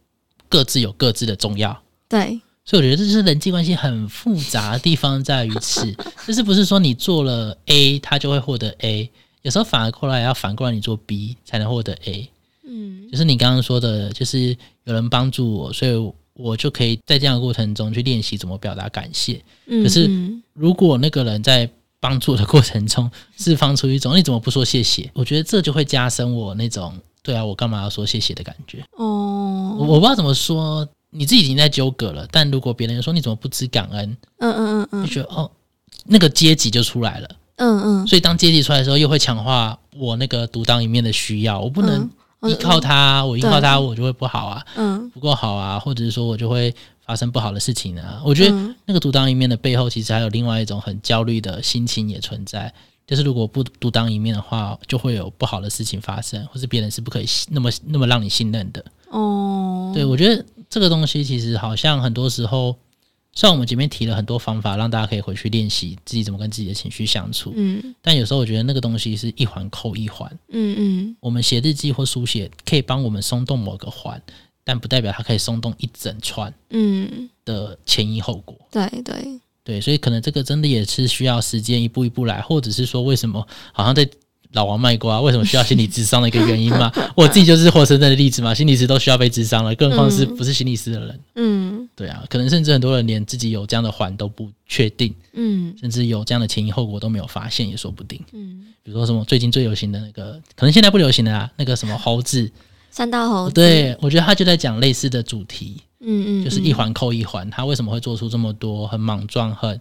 各自有各自的重要。對，所以我覺得這是人際關係很複雜的地方在於此。就 是不是說你做了 A，他就會獲得 A。有時候反而過來要反過來，你做 B 才能獲得 A。嗯，就是你剛剛說的，就是有人幫助我，所以我就可以在這樣的過程中去練習怎麼表達感謝。嗯嗯。可是如果那個人在幫助的過程中釋放出一種你怎麼不說謝謝？我覺得這就會加深我那種對啊，我幹嘛要說謝謝的感覺。哦。我，我不知道怎麼說，你自己已經在糾葛了。但如果別人說你怎麼不知感恩？嗯嗯嗯嗯，就覺得哦，那個階級就出來了。嗯嗯，嗯所以當階級出來的時候，又會強化我那個獨當一面的需要。我不能依靠他，嗯嗯、我依靠他，我就會不好啊，嗯、不夠好啊，或者是說我就會發生不好的事情啊。我覺得那個獨當一面的背後，其實還有另外一種很焦慮的心情也存在。就是如果不獨當一面的話，就會有不好的事情發生，或是別人是不可以那麼那麼讓你信任的。哦、嗯，對我覺得這個東西其實好像很多時候。像我們前面提了很多方法，讓大家可以回去練習自己怎麼跟自己的情緒相處。嗯，但有時候我覺得那個東西是一環扣一環。嗯嗯，我們寫日記或書寫可以幫我們鬆動某個環，但不代表它可以鬆動一整串。嗯，的前因後果。嗯、對對對，所以可能這個真的也是需要時間一步一步來，或者是說為什麼好像在。老王賣瓜，為什麼需要心理諮商的一個原因嗎？ 我自己就是活生生的例子嘛。 心理師都需要被諮商了，更何況是不是心理師的人？嗯，對啊，可能甚至很多人連自己有這樣的環都不確定，嗯，甚至有這樣的前因後果都沒有發現也說不定。嗯，比如說什麼最近最流行的那個，可能現在不流行的啊，那個什麼猴子三道猴子。對，我覺得他就在講類似的主題，嗯嗯，就是一環扣一環，他為什麼會做出這麼多很莽撞、很。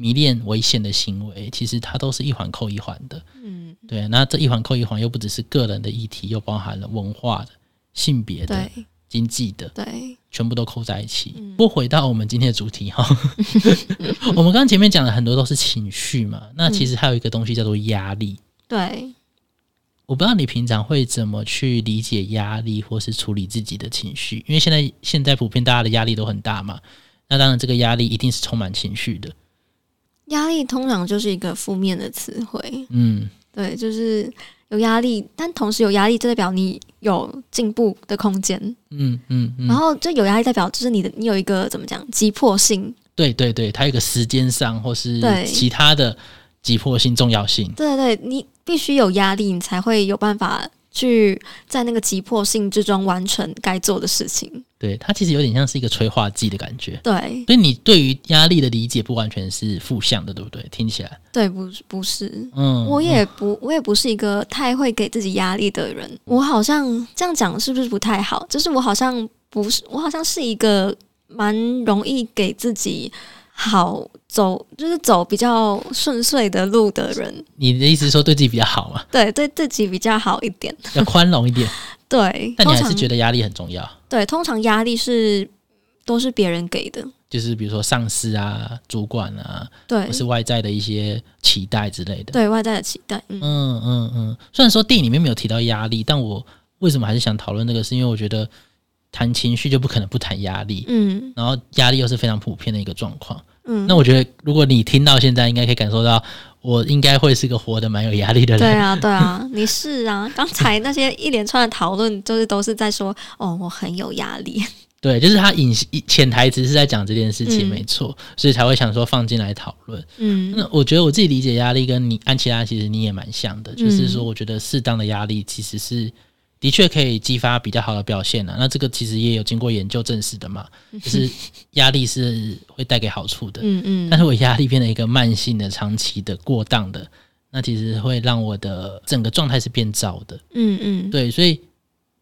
迷戀危險的行為，其實它都是一環扣一環的，嗯，對。那這一環扣一環又不只是個人的議題，又包含了文化的、性別的、對經濟的，對，全部都扣在一起。嗯、不過回到我們今天的主題哈，嗯、 我們剛剛前面講的很多都是情緒嘛，嗯、那其實還有一個東西叫做壓力。對，我不知道你平常會怎麼去理解壓力，或是處理自己的情緒，因為現在現在普遍大家的壓力都很大嘛。那當然，這個壓力一定是充滿情緒的。壓力通常就是一個負面的詞彙，嗯，對，就是有壓力，但同時有壓力，就代表你有進步的空間。嗯，嗯嗯，然後就有壓力代表就是你的你有一個怎麼講急迫性，對對對，它有個時間上或是其他的急迫性重要性，對對對，你必須有壓力，你才會有辦法。去在那個急迫性之中，完成該做的事情，對。它其實有點像是一個催化劑的感覺。對，所以你對於壓力的理解不完全是負向的，對不對？聽起來。對，不，不是，嗯，我也不，我也不是一個太會給自己壓力的人。嗯，我好像這樣講是不是不太好？就是我好像不是，我好像是一個蠻容易給自己。好走就是走比較順遂的路的人。你的意思是說對自己比較好嗎？對，對自己比較好一點，要寬容一點。 對，但你還是覺得壓力很重要。對，通常壓力是都是別人給的，就是比如說上司啊、主管啊，對，或是外在的一些期待之類的。對外在的期待。嗯嗯嗯，嗯。雖然說電影裡面沒有提到壓力，但我為什麼還是想討論這個？是因為我覺得談情緒就不可能不談壓力。嗯，然後壓力又是非常普遍的一個狀況。嗯、那我覺得，如果你聽到現在，應該可以感受到，我應該會是個活得蠻有壓力的人。對啊，對啊，你是啊。剛 才那些一連串的討論，就是都是在說， 哦，我很有壓力。對，就是他隱潛台詞是在講這件事情沒，沒錯、嗯，所以才會想說放進來討論。嗯，那我覺得我自己理解壓力，跟你安琪拉其實你也蠻像的，嗯、就是說，我覺得適當的壓力其實是。的確可以激發比較好的表現了、啊，那這個其實也有經過研究證實的嘛，就是壓力是會帶給好處的， 嗯嗯。但是，我壓力變得一個慢性的、長期的、過當的，那其實會讓我的整個狀態是變糟的，嗯嗯。對，所以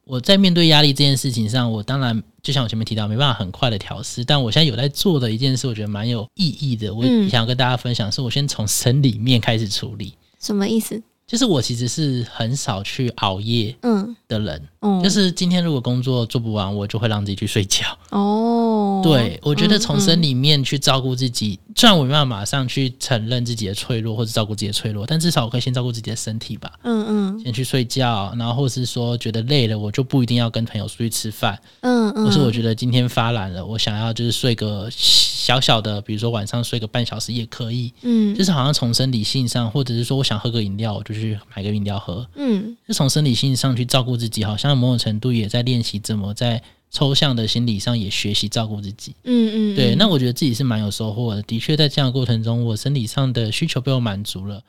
我在面對壓力這件事情上，我當然就像我前面提到，沒辦法很快的調試。但我現在有在做的一件事，我覺得蠻有意義的，我想要跟大家分享，是我先從生理面開始處理，什麼意思？就是我其實是很少去熬夜嗯，嗯，的人，就是今天如果工作做不完，我就會讓自己去睡覺。哦。對，我覺得從生理面去照顧自己，嗯嗯、雖然我沒辦法馬上去承認自己的脆弱或者照顧自己的脆弱，但至少我可以先照顧自己的身體吧。嗯嗯，嗯先去睡覺，然後或是說覺得累了，我就不一定要跟朋友出去吃飯、嗯。嗯，可是我覺得今天發懶了，我想要就是睡個小小的，比如說晚上睡個半小時也可以。嗯，就是好像從生理性上，或者是說我想喝個飲料，我就去買個飲料喝。嗯，就從生理性上去照顧自己，好像某種程度也在練習怎麼在。抽象的心理上也學習照顧自己，嗯嗯，嗯對，那我覺得自己是蠻有收穫的。的確，在這樣的過程中，我身體上的需求被我滿足了，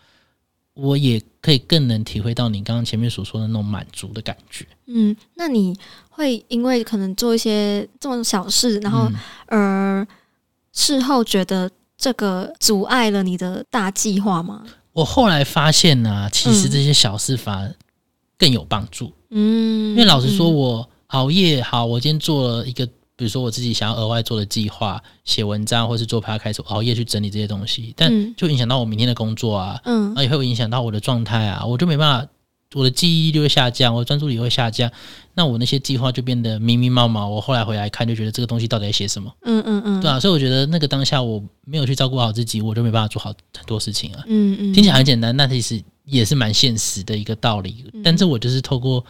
我也可以更能體會到你剛剛前面所說的那種滿足的感覺。嗯，那你會因為可能做一些這種小事，然後而事後覺得這個阻礙了你的大計劃嗎？我後來發現呢、啊，其實這些小事反而更有幫助，嗯。嗯，因為老實說，我。嗯熬夜、oh yeah, 好，我今天做了一個，比如說我自己想要額外做的計劃，寫文章或是做 paper 開始熬夜去整理這些東西，但就影響到我明天的工作啊，嗯，那也會影響到我的狀態啊，我就沒辦法，我的記憶力就會下降，我的專注力也會下降，那我那些計劃就變得迷迷茫茫，我後來回來看就覺得這個東西到底在寫什麼，嗯嗯嗯，對啊，所以我覺得那個當下我沒有去照顧好自己，我就沒辦法做好很多事情啊，嗯嗯，聽起來很簡單，那其實也是蠻現實的一個道理，但這我就是透過。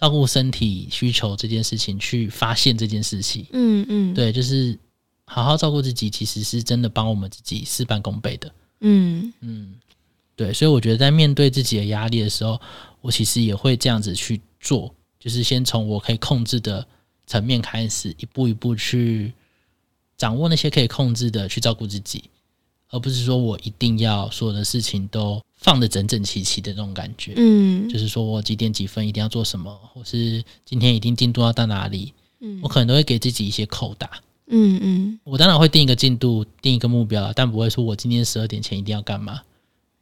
照顧身體需求這件事情，去發現這件事情，嗯嗯，嗯對，就是好好照顧自己，其實是真的幫我們自己事半功倍的，嗯嗯，對，所以我覺得在面對自己的壓力的時候，我其實也會這樣子去做，就是先從我可以控制的層面開始，一步一步去掌握那些可以控制的，去照顧自己，而不是說我一定要所有的事情都。放得整整齊齊的那種感覺，嗯，就是說我幾點幾分一定要做什麼，或是今天一定進度要到哪裡，嗯，我可能都會給自己一些扣打，嗯嗯，我當然會定一個進度，定一個目標，但不會說我今天十二點前一定要幹嘛，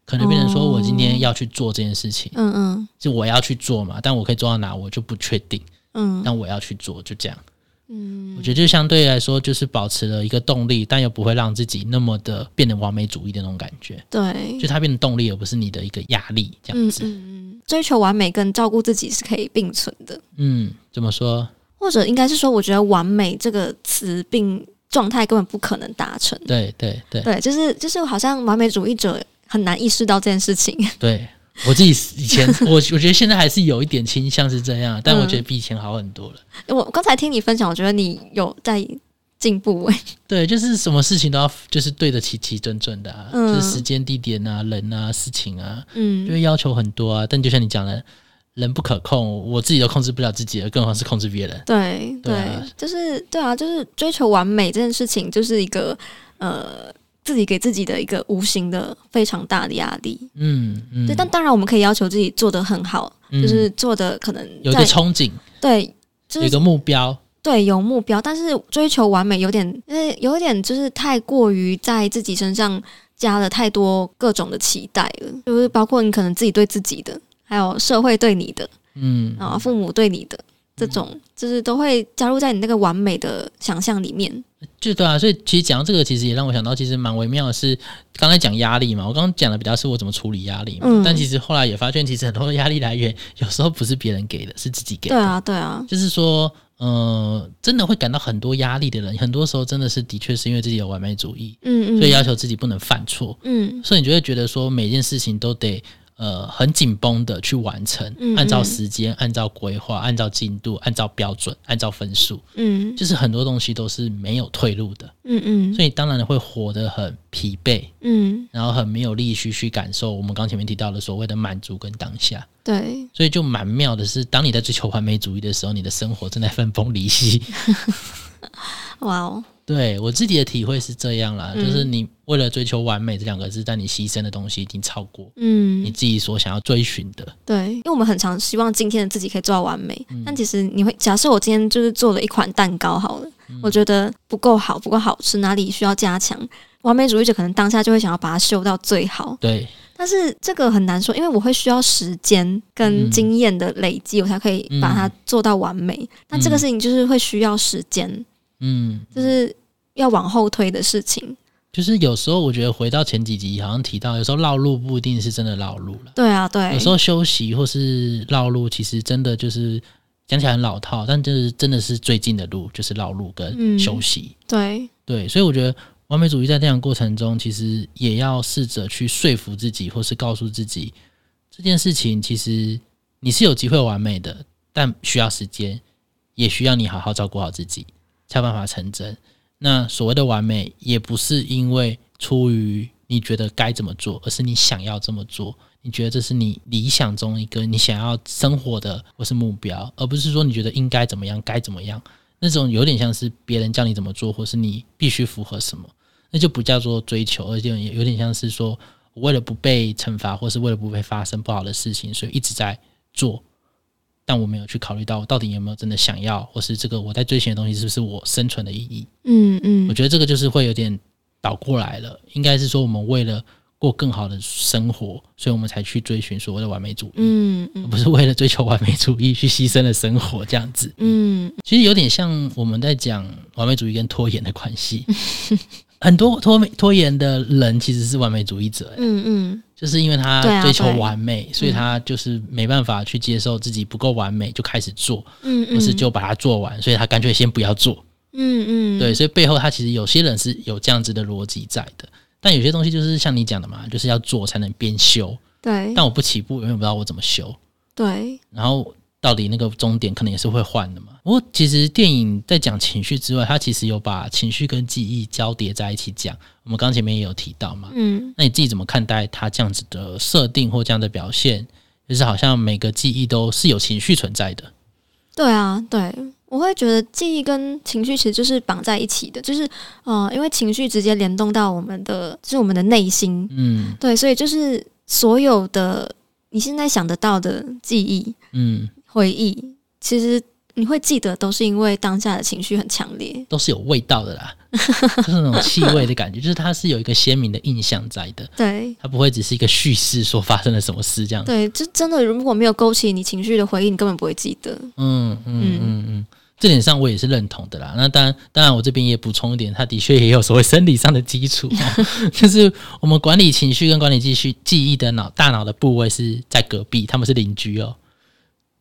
可能變成說我今天要去做這件事情，哦，嗯嗯，就我要去做嘛，但我可以做到哪我就不確定，嗯，但我要去做，就這樣。嗯，我覺得就相對來說，就是保持了一個動力，但又不會讓自己那麼的變得完美主義的那種感覺。對，就它變得動力，而不是你的一個壓力這樣子。嗯嗯，追求完美跟照顧自己是可以並存的。嗯，怎麼說？或者應該是說，我覺得完美這個詞並狀態根本不可能達成。對對對。對，就是就是，就是、好像完美主義者很難意識到這件事情。對。我自己以前，我 我覺得現在還是有一點傾向是這樣，但我覺得比以前好很多了。嗯、我剛才聽你分享，我覺得你有在進步。誒，對，就是什麼事情都要就是對得齊齊整整的，啊、嗯、就是時間、地點啊、人啊、事情啊，嗯，因為要求很多啊。但就像你講的，人不可控，我自己都控制不了自己，更何況是控制別人。對對、啊、對，就是對啊，就是追求完美這件事情，就是一個呃。自己給自己的一個無形的非常大的壓力。嗯，嗯，對。但當然，我們可以要求自己做得很好，嗯、就是做的可能有一個憧憬，對，就是、有一個目標，對，有目標。但是追求完美有點，因為有點就是太過於在自己身上加了太多各種的期待了，就是包括你可能自己對自己的，還有社會對你的，嗯啊，父母對你的。這種就是都會加入在你那個完美的想象裡面，就對啊。所以其實講到這個，其實也讓我想到，其實蠻微妙的是，剛才講壓力嘛，我剛剛講的比較是我怎麼處理壓力嘛。嗯，但其實後來也發現，其實很多壓力來源有時候不是別人給的，是自己給的。對啊，對啊。就是說，呃，真的會感到很多壓力的人，很多時候真的是的確是因為自己有完美主義，嗯，嗯，所以要求自己不能犯錯，嗯，所以你就會覺得說每件事情都得。呃，很緊繃的去完成，嗯嗯，按照時間，按照規劃，按照進度，按照標準，按照分數，嗯，就是很多東西都是沒有退路的，嗯嗯，所以當然會活得很疲憊，嗯，然後很沒有力氣去感受我們剛前面提到的所謂的滿足跟當下，對，所以就蠻妙的是，當你在追求完美主義的時候，你的生活正在分崩離析。 哇哦！Wow, 對我自己的體會是這樣啦。嗯、就是你為了追求完美這兩個字，但你犧牲的東西已經超過嗯你自己所想要追尋的，嗯。對，因為我們很常希望今天的自己可以做到完美，嗯、但其實你會假設我今天就是做了一款蛋糕好了，嗯、我覺得不夠好，不夠好吃，哪裡需要加強？完美主義者可能當下就會想要把它修到最好。對，但是這個很難說，因為我會需要時間跟經驗的累積，嗯、我才可以把它做到完美。那、嗯、這個事情就是會需要時間。嗯，就是要往後推的事情，就是有時候我覺得回到前幾集好像提到，有時候繞路不一定是真的繞路了。對啊，對，有時候休息或是繞路，其實真的就是講起來很老套，但就是真的是最近的路，就是繞路跟休息。嗯、對對，所以我覺得完美主義在這樣過程中，其實也要試着去說服自己，或是告訴自己，這件事情其實你是有機會完美的，但需要時間，也需要你好好照顧好自己。才有辦法成真。那所謂的完美，也不是因為出於你覺得該怎麼做，而是你想要這麼做。你覺得這是你理想中一個你想要生活的，或是目標，而不是說你覺得應該怎麼樣，該怎麼樣。那種有點像是別人叫你怎麼做，或是你必須符合什麼，那就不叫做追求，而且有點像是說為了不被懲罰，或是為了不被發生不好的事情，所以一直在做。但我沒有去考慮到我到底有沒有真的想要，或是這個我在追尋的東西是不是我生存的意義？嗯嗯，我覺得這個就是會有點倒過來了。應該是說我們為了過更好的生活，所以我們才去追尋所謂的完美主義。嗯，不是為了追求完美主義去犧牲了生活這樣子。嗯，其實有點像我們在講完美主義跟拖延的關係。很多拖拖延的人其實是完美主義者。嗯嗯。就是因為他追求完美，啊、所以他就是沒辦法去接受自己不夠完美，嗯、就開始做，嗯嗯，不是就把它做完，所以他乾脆先不要做，嗯嗯，對，所以背後他其實有些人是有這樣子的邏輯在的，但有些東西就是像你講的嘛，就是要做才能邊修，對，但我不起步，永遠不知道我怎麼修，對，然後。到底那個終點可能也是會換的嘛。不過其實電影在講情緒之外，它其實有把情緒跟記憶交疊在一起講。我們剛前面也有提到嘛，嗯，那你自己怎麼看待它這樣子的設定或這樣的表現？就是好像每個記憶都是有情緒存在的。對啊，對，我會覺得記憶跟情緒其實就是綁在一起的，就是呃，因為情緒直接聯動到我們的，就是我們的內心，嗯，對，所以就是所有的你現在想得到的記憶，嗯。回憶其實你會記得，都是因為當下的情緒很強烈，都是有味道的啦， 就是那種氣味的感覺， 就是它是有一個鮮明的印象在的。對，它不會只是一個敘事說發生了什麼事這樣。對，就真的如果沒有勾起你情緒的回憶，你根本不會記得。嗯嗯嗯嗯，嗯嗯嗯，這點上我也是認同的啦。那當然，當然我這邊也補充一點，它的確也有所謂生理上的基礎， 就是我們管理情緒跟管理記敘記憶的腦大腦的部位是在隔壁，他們是鄰居哦。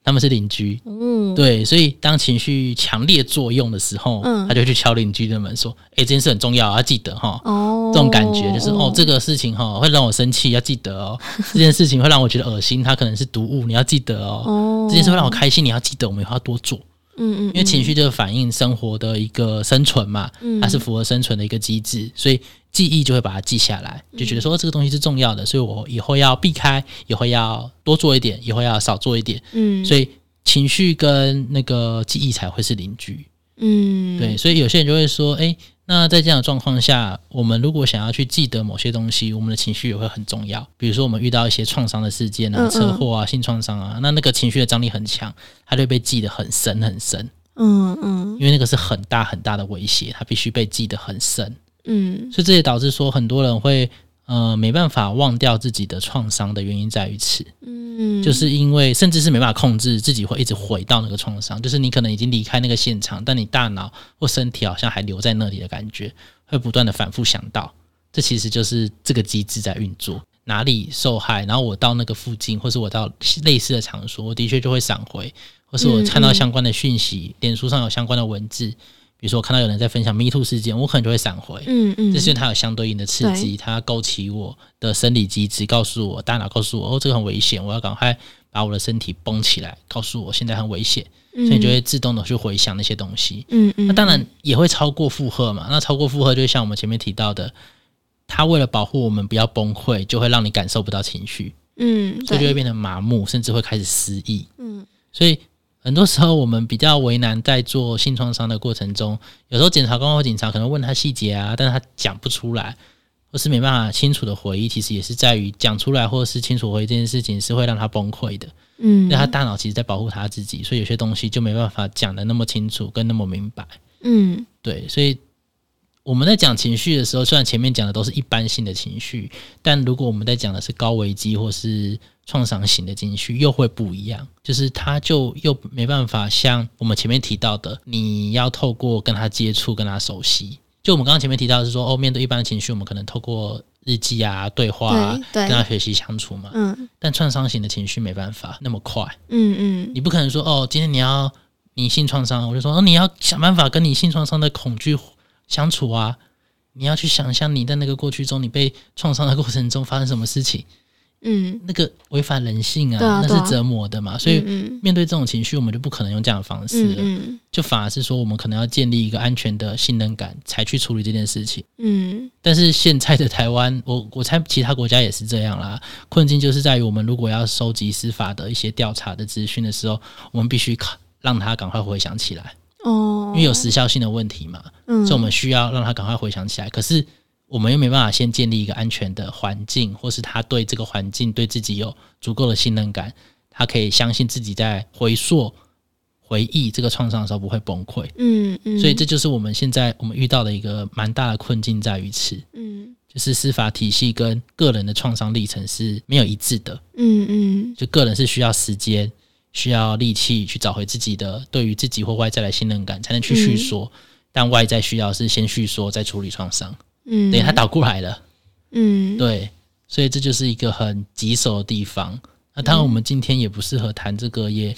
他們是鄰居，嗯，對，所以當情緒強烈作用的時候，嗯，他就會去敲鄰居的門，說：“誒、欸、這件事很重要，要記得哈。”哦，這種感覺就是、嗯、哦，這個事情哈會讓我生氣，要記得哦， 這件事情會讓我覺得噁心，它可能是毒物，你要記得哦，哦這件事會讓我開心，你要記得，我們要多做。嗯，因為情緒就是反映生活的一個生存嘛，嗯、它是符合生存的一個機制，嗯、所以記憶就會把它記下來，就覺得說這個東西是重要的，嗯、所以我以後要避開，以後要多做一點，以後要少做一點。嗯，所以情緒跟那個記憶才會是鄰居。嗯，對，所以有些人就會說，哎、欸。那在這樣的狀況下，我們如果想要去記得某些東西，我們的情緒也會很重要。比如說，我們遇到一些創傷的事件啊，車禍啊，性創傷啊，那那個情緒的張力很強，它就會被記得很深很深。嗯嗯，因為那個是很大很大的威脅，它必須被記得很深。嗯，所以這也導致說很多人會。呃，沒辦法忘掉自己的創傷的原因在於此，嗯，就是因為甚至是沒辦法控制自己會一直回到那個創傷，就是你可能已經離開那個現場，但你大腦或身體好像還留在那裡的感覺，會不斷的反復想到，這其實就是這個機制在運作。哪裡受害，然後我到那個附近，或是我到類似的場所，我的確就會閃回，或是我看到相關的訊息，嗯、臉書上有相關的文字。比如說，我看到有人在分享 “me too” 事件，我可能就會閃回。嗯嗯，嗯，這是因為它有相對應的刺激，對它勾起我的生理機制，告訴我，告訴我大腦告訴我哦，這個很危險，我要趕快把我的身體繃起來，告訴我現在很危險，嗯、所以你就會自動的去回想那些東西。嗯嗯，嗯，那當然也會超過負荷嘛。嗯、那超過負荷，就像我們前面提到的，它為了保護我們不要崩潰，就會讓你感受不到情緒。嗯，這就會變成麻木，甚至會開始失憶。嗯，所以。很多時候，我們比較為難，在做性創傷的過程中，有時候檢察官或警察可能問他細節啊，但是他講不出來，或是沒辦法清楚的回憶。其實也是在於講出來，或是清楚回憶這件事情，是會讓他崩潰的。嗯，那他大腦其實在保護他自己，所以有些東西就沒辦法講的那麼清楚，跟那麼明白。嗯，對，所以。我們在講情緒的時候，雖然前面講的都是一般性的情緒，但如果我們在講的是高危機或是創傷型的情緒，又會不一樣。就是它就又沒辦法像我們前面提到的，你要透過跟他接觸、跟他熟悉。就我們剛剛前面提到的是說，哦，面對一般的情緒，我們可能透過日記啊、對話啊，對，對，跟他學習相處嘛。嗯。但創傷型的情緒沒辦法那麼快。嗯嗯。你不可能說，哦，今天你要你性創傷，我就說，哦，你要想辦法跟你性創傷的恐懼。相處啊，你要去想象你在那個過去中，你被創傷的過程中發生什麼事情？嗯，那個違反人性啊，啊啊那是折磨的嘛。所以面對這種情緒，我們就不可能用這樣的方式，嗯嗯，就反而是說，我們可能要建立一個安全的信任感，才去處理這件事情。嗯，但是現在的台灣，我我猜其他國家也是這樣啦。困境就是在於，我們如果要收集司法的一些調查的資訊的時候，我們必須靠讓他趕快回想起來。哦，因為有時效性的問題嘛，嗯，所以我們需要讓他趕快回想起來。可是我們又沒辦法先建立一個安全的環境，或是他對這個環境對自己有足夠的信任感，他可以相信自己在回溯回憶這個創傷的時候不會崩潰。嗯，嗯嗯，所以這就是我們現在我們遇到的一個蠻大的困境在於此。嗯，就是司法體系跟個人的創傷歷程是沒有一致的。嗯嗯，嗯，就個人是需要時間。需要力氣去找回自己的對於自己或外在的信任感，才能去敘說。嗯、但外在需要是先敘說再處理創傷，嗯，等一下他倒過來了，嗯，對，所以這就是一個很棘手的地方。那當然，我們今天也不適合談這個。也、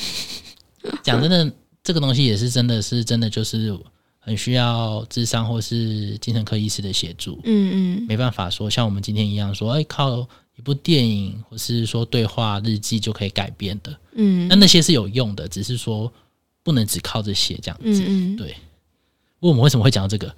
嗯、講真的， 這個東西也是真的，是真的，就是很需要諮商或是精神科醫師的協助。嗯嗯，沒辦法說像我們今天一樣說，哎，靠。一部電影，或是說對話日記，就可以改變的。嗯，那那些是有用的，只是說不能只靠着寫這樣子。嗯、對，不過我們為什麼會講到這個？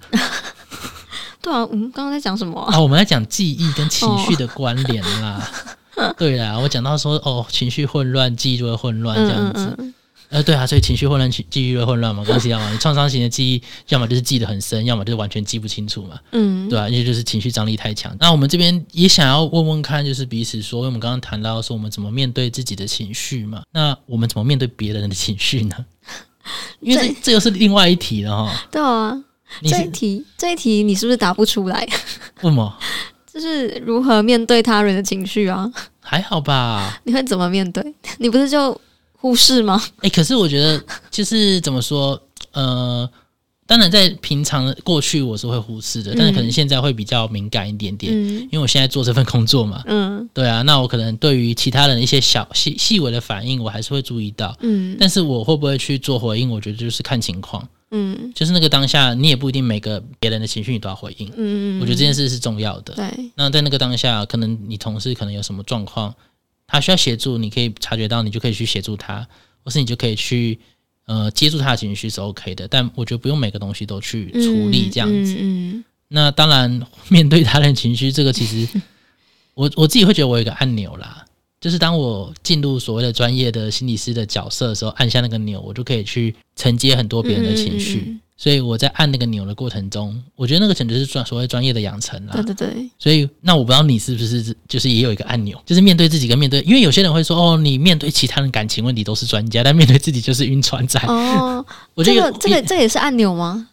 對啊，我們剛剛在講什麼啊？我們在講記憶跟情緒的關聯啦。哦、 對啦，我講到說哦，情緒混亂，記憶就會混亂這樣子。嗯嗯呃，對啊，所以情緒混亂，記記憶的混亂嘛，東西要嘛，你創傷型的記憶，要麼就是記得很深，要麼就是完全記不清楚嘛。嗯，對啊，因為就是情緒張力太強。那我們這邊也想要問問看，就是彼此說，因為我們剛剛談到說，我們怎麼面對自己的情緒嘛？那我們怎麼面對別人的情緒呢？因為這對這又是另外一題了哈。對啊，是這一題這一題你是不是答不出來？為什麼？就是如何面對他人的情緒啊？還好吧？你會怎麼面對？你不是就？忽視嗎？誒、欸，可是我覺得，就是怎麼說， 呃，當然在平常過去我是會忽視的，嗯、但是可能現在會比較敏感一點點，嗯、因為我現在做這份工作嘛，嗯，對啊，那我可能對於其他人的一些小細細微的反應，我還是會注意到，嗯，但是我會不會去做回應？我覺得就是看情況，嗯，就是那個當下，你也不一定每個別人的情緒你都要回應，嗯，我覺得這件事是重要的，對，那在那個當下，可能你同事可能有什麼狀況。他需要協助，你可以察覺到，你就可以去協助他，或是你就可以去呃接住他的情緒是 OK 的，但我覺得不用每個東西都去處理這樣子。嗯嗯嗯、那當然，面對他人情緒，這個其實我 我自己會覺得我有一個按鈕啦，就是當我進入所謂的專業的心理師的角色的時候，按下那個鈕，我就可以去承接很多別人的情緒。嗯嗯所以我在按那個鈕的過程中，我覺得那個簡直是專所謂專業的養成啦。對對對。所以那我不知道你是不是就是也有一個按鈕，就是面對自己跟面對，因為有些人會說哦，你面對其他人感情問題都是專家，但面對自己就是暈船仔。哦，我覺得這個這個這個也是按鈕嗎？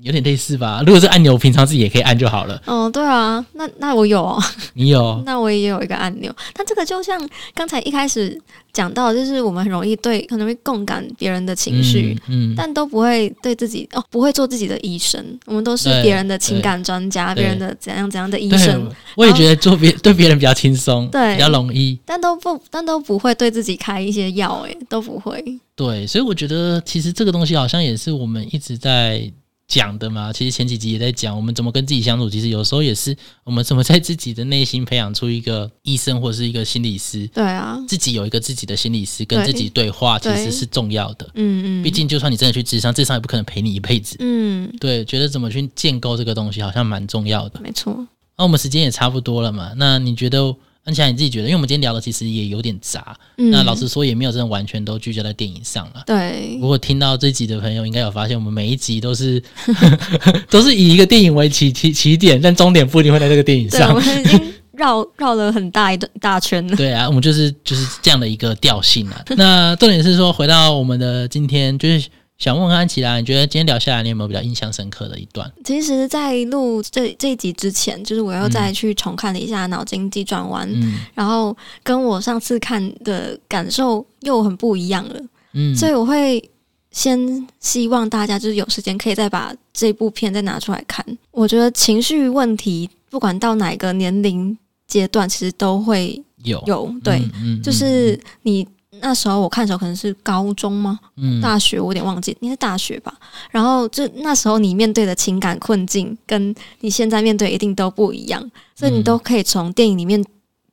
有點類似吧，如果是按鈕，平常自己也可以按就好了。嗯、哦，對啊，那那我有啊、哦，你有， 那我也有一個按鈕。但這個就像剛才一開始講到，就是我們很容易對，可能會共感別人的情緒、嗯，嗯，但都不會對自己哦，不會做自己的醫生，我們都是別人的情感專家，別人的怎樣怎樣的醫生。我也覺得做別對別人比較輕鬆，然後，對，比較容易，但都不但都不會對自己開一些藥，誒，都不會。對，所以我覺得其實這個東西好像也是我們一直在。講的嘛，其實前幾集也在講我們怎麼跟自己相處。其實有時候也是我們怎麼在自己的內心培養出一個醫生或者是一個心理師。對啊，自己有一個自己的心理師對跟自己對話，其實是重要的。嗯嗯，畢竟就算你真的去諮商，諮商也不可能陪你一輩子。嗯，對，覺得怎麼去建構這個東西好像蠻重要的。沒錯錯，那、啊、我們時間也差不多了嘛。那你覺得？而且、嗯、你自己覺得，因為我們今天聊的其實也有點雜，嗯、那老實說也沒有真的完全都聚焦在電影上了。對，如果聽到這集的朋友，應該有發現，我們每一集都是 都是以一個電影為起起起點，但終點不一定會在這個電影上。我們已經繞繞了很大一大圈了。 對啊，我們就是就是這樣的一個調性啊。那重點是說，回到我們的今天，就是。想問安琪拉，你覺得今天聊下來，你有沒有比較印象深刻的一段？其實在，在錄這這一集之前，就是我又再去重看了一下《腦筋急轉彎》嗯、嗯，然後跟我上次看的感受又很不一樣了。嗯，所以我會先希望大家就是有時間可以再把這部片再拿出來看。我覺得情緒問題，不管到哪個年齡階段，其實都會有有對，嗯嗯、就是你。那時候我看的時候可能是高中嗎？嗯，大學我有點忘記，你是大學吧？然後就那時候你面對的情感困境，跟你現在面對一定都不一樣，嗯，所以你都可以從電影裡面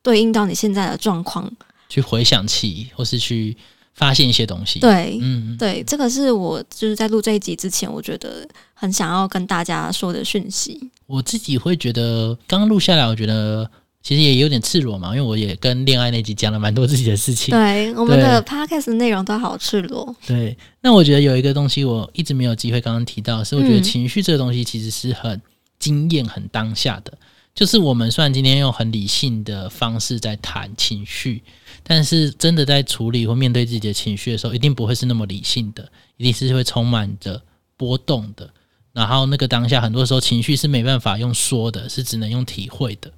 對應到你現在的狀況，去回想起，或是去發現一些東西。對，嗯，對，這個是我就是在錄這一集之前，我覺得很想要跟大家說的訊息。我自己會覺得，剛剛錄下來，我覺得。其實也有點赤裸嘛，因為我也跟戀愛那集講了蠻多自己的事情。對，對，我們的 podcast 內容都好赤裸。對，那我覺得有一個東西我一直沒有機會剛剛提到，是我覺得情緒這個東西其實是很驚艷、很當下的。就是我們雖然今天用很理性的方式在談情緒，但是真的在處理或面對自己的情緒的時候，一定不會是那麼理性的，一定是會充滿着波動的。然後那個當下，很多時候情緒是沒辦法用說的，是只能用體會的。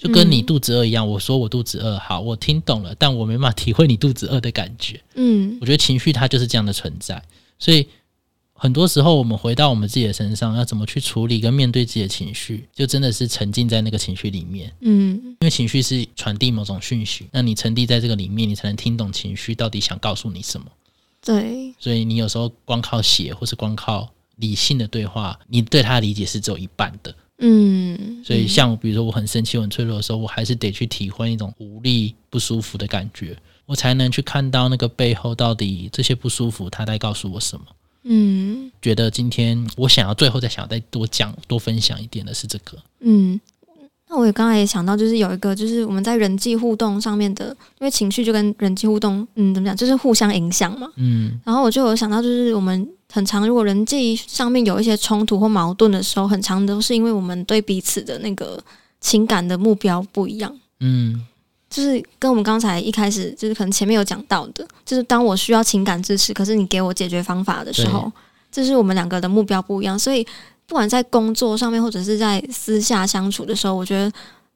就跟你肚子餓一樣，嗯、我說我肚子餓，好，我聽懂了，但我沒辦法體會你肚子餓的感覺。嗯，我覺得情緒它就是這樣的存在，所以很多時候我們回到我們自己的身上，要怎麼去處理跟面對自己的情緒，就真的是沉浸在那個情緒裡面。嗯，因為情緒是傳遞某種訊息，那你沉溺在這個裡面，你才能聽懂情緒到底想告訴你什麼。對，所以你有時候光靠寫，或是光靠理性的對話，你對它的理解是只有一半的。嗯，嗯，所以像我比如說，我很生氣、我很脆弱的時候，我還是得去體會一種無力、不舒服的感覺，我才能去看到那個背後到底這些不舒服，它在告訴我什麼。嗯，覺得今天我想要最後再想要再多講、多分享一點的是這個。嗯。那我也剛才也想到，就是有一個，就是我們在人際互動上面的，因為情緒就跟人際互動，嗯，怎麼講，就是互相影響嘛。嗯。然後我就有想到，就是我們很常，如果人際上面有一些衝突或矛盾的時候，很常都是因為我們對彼此的那個情感的目標不一樣。嗯。就是跟我們剛才一開始，就是可能前面有講到的，就是當我需要情感支持，可是你給我解決方法的時候，這對是我們兩個的目標不一樣，所以。不管在工作上面，或者是在私下相處的時候，我覺得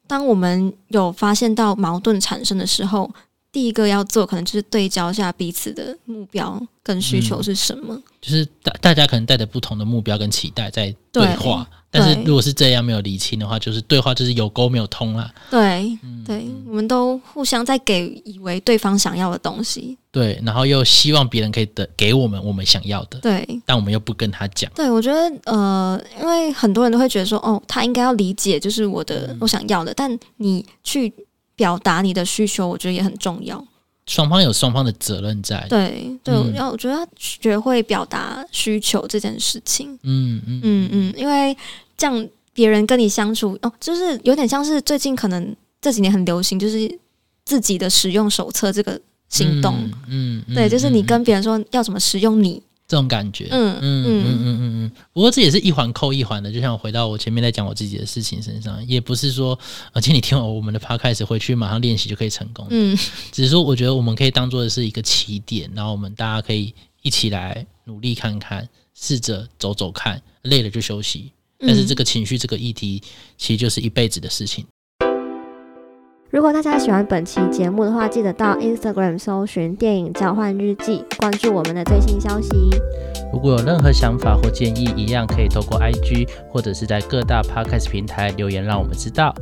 當我們有發現到矛盾產生的時候。第一個要做，可能就是對焦一下彼此的目標跟需求是什麼。嗯、就是大大家可能帶着不同的目標跟期待在對話，對，但是如果是這樣沒有理清的話，就是對話就是有溝沒有通啦、啊。對、嗯、對，我們都互相在給以為對方想要的東西，對，然後又希望別人可以得給我們我們想要的，對，但我們又不跟他講。對我覺得，呃，因為很多人都會覺得說，哦，他應該要理解就是我的我想要的，嗯、但你去。表達你的需求，我覺得也很重要。雙方有雙方的責任在。對對，要、嗯、我覺得要學會表達需求這件事情。嗯嗯嗯嗯，因為這樣別人跟你相處哦，就是有點像是最近可能這幾年很流行，就是自己的使用手冊這個行動。嗯，嗯嗯對，就是你跟別人說要怎麼使用你。這種感覺，嗯嗯嗯嗯嗯嗯嗯，不過這也是一環扣一環的，就像我回到我前面在講我自己的事情身上，也不是說，而且你聽完我們的趴開始回去馬上練習就可以成功，嗯，只是說我覺得我們可以當做的是一個起點，然後我們大家可以一起來努力看看，試着走走看，累了就休息，但是這個情緒這個議題其實就是一輩子的事情。如果大家喜歡本期節目的話，記得到 Instagram 搜尋電影交換日記，關注我們的最新消息。如果有任何想法或建議，一樣可以透過 IG 或者是在各大 Podcast 平台留言，讓我們知道。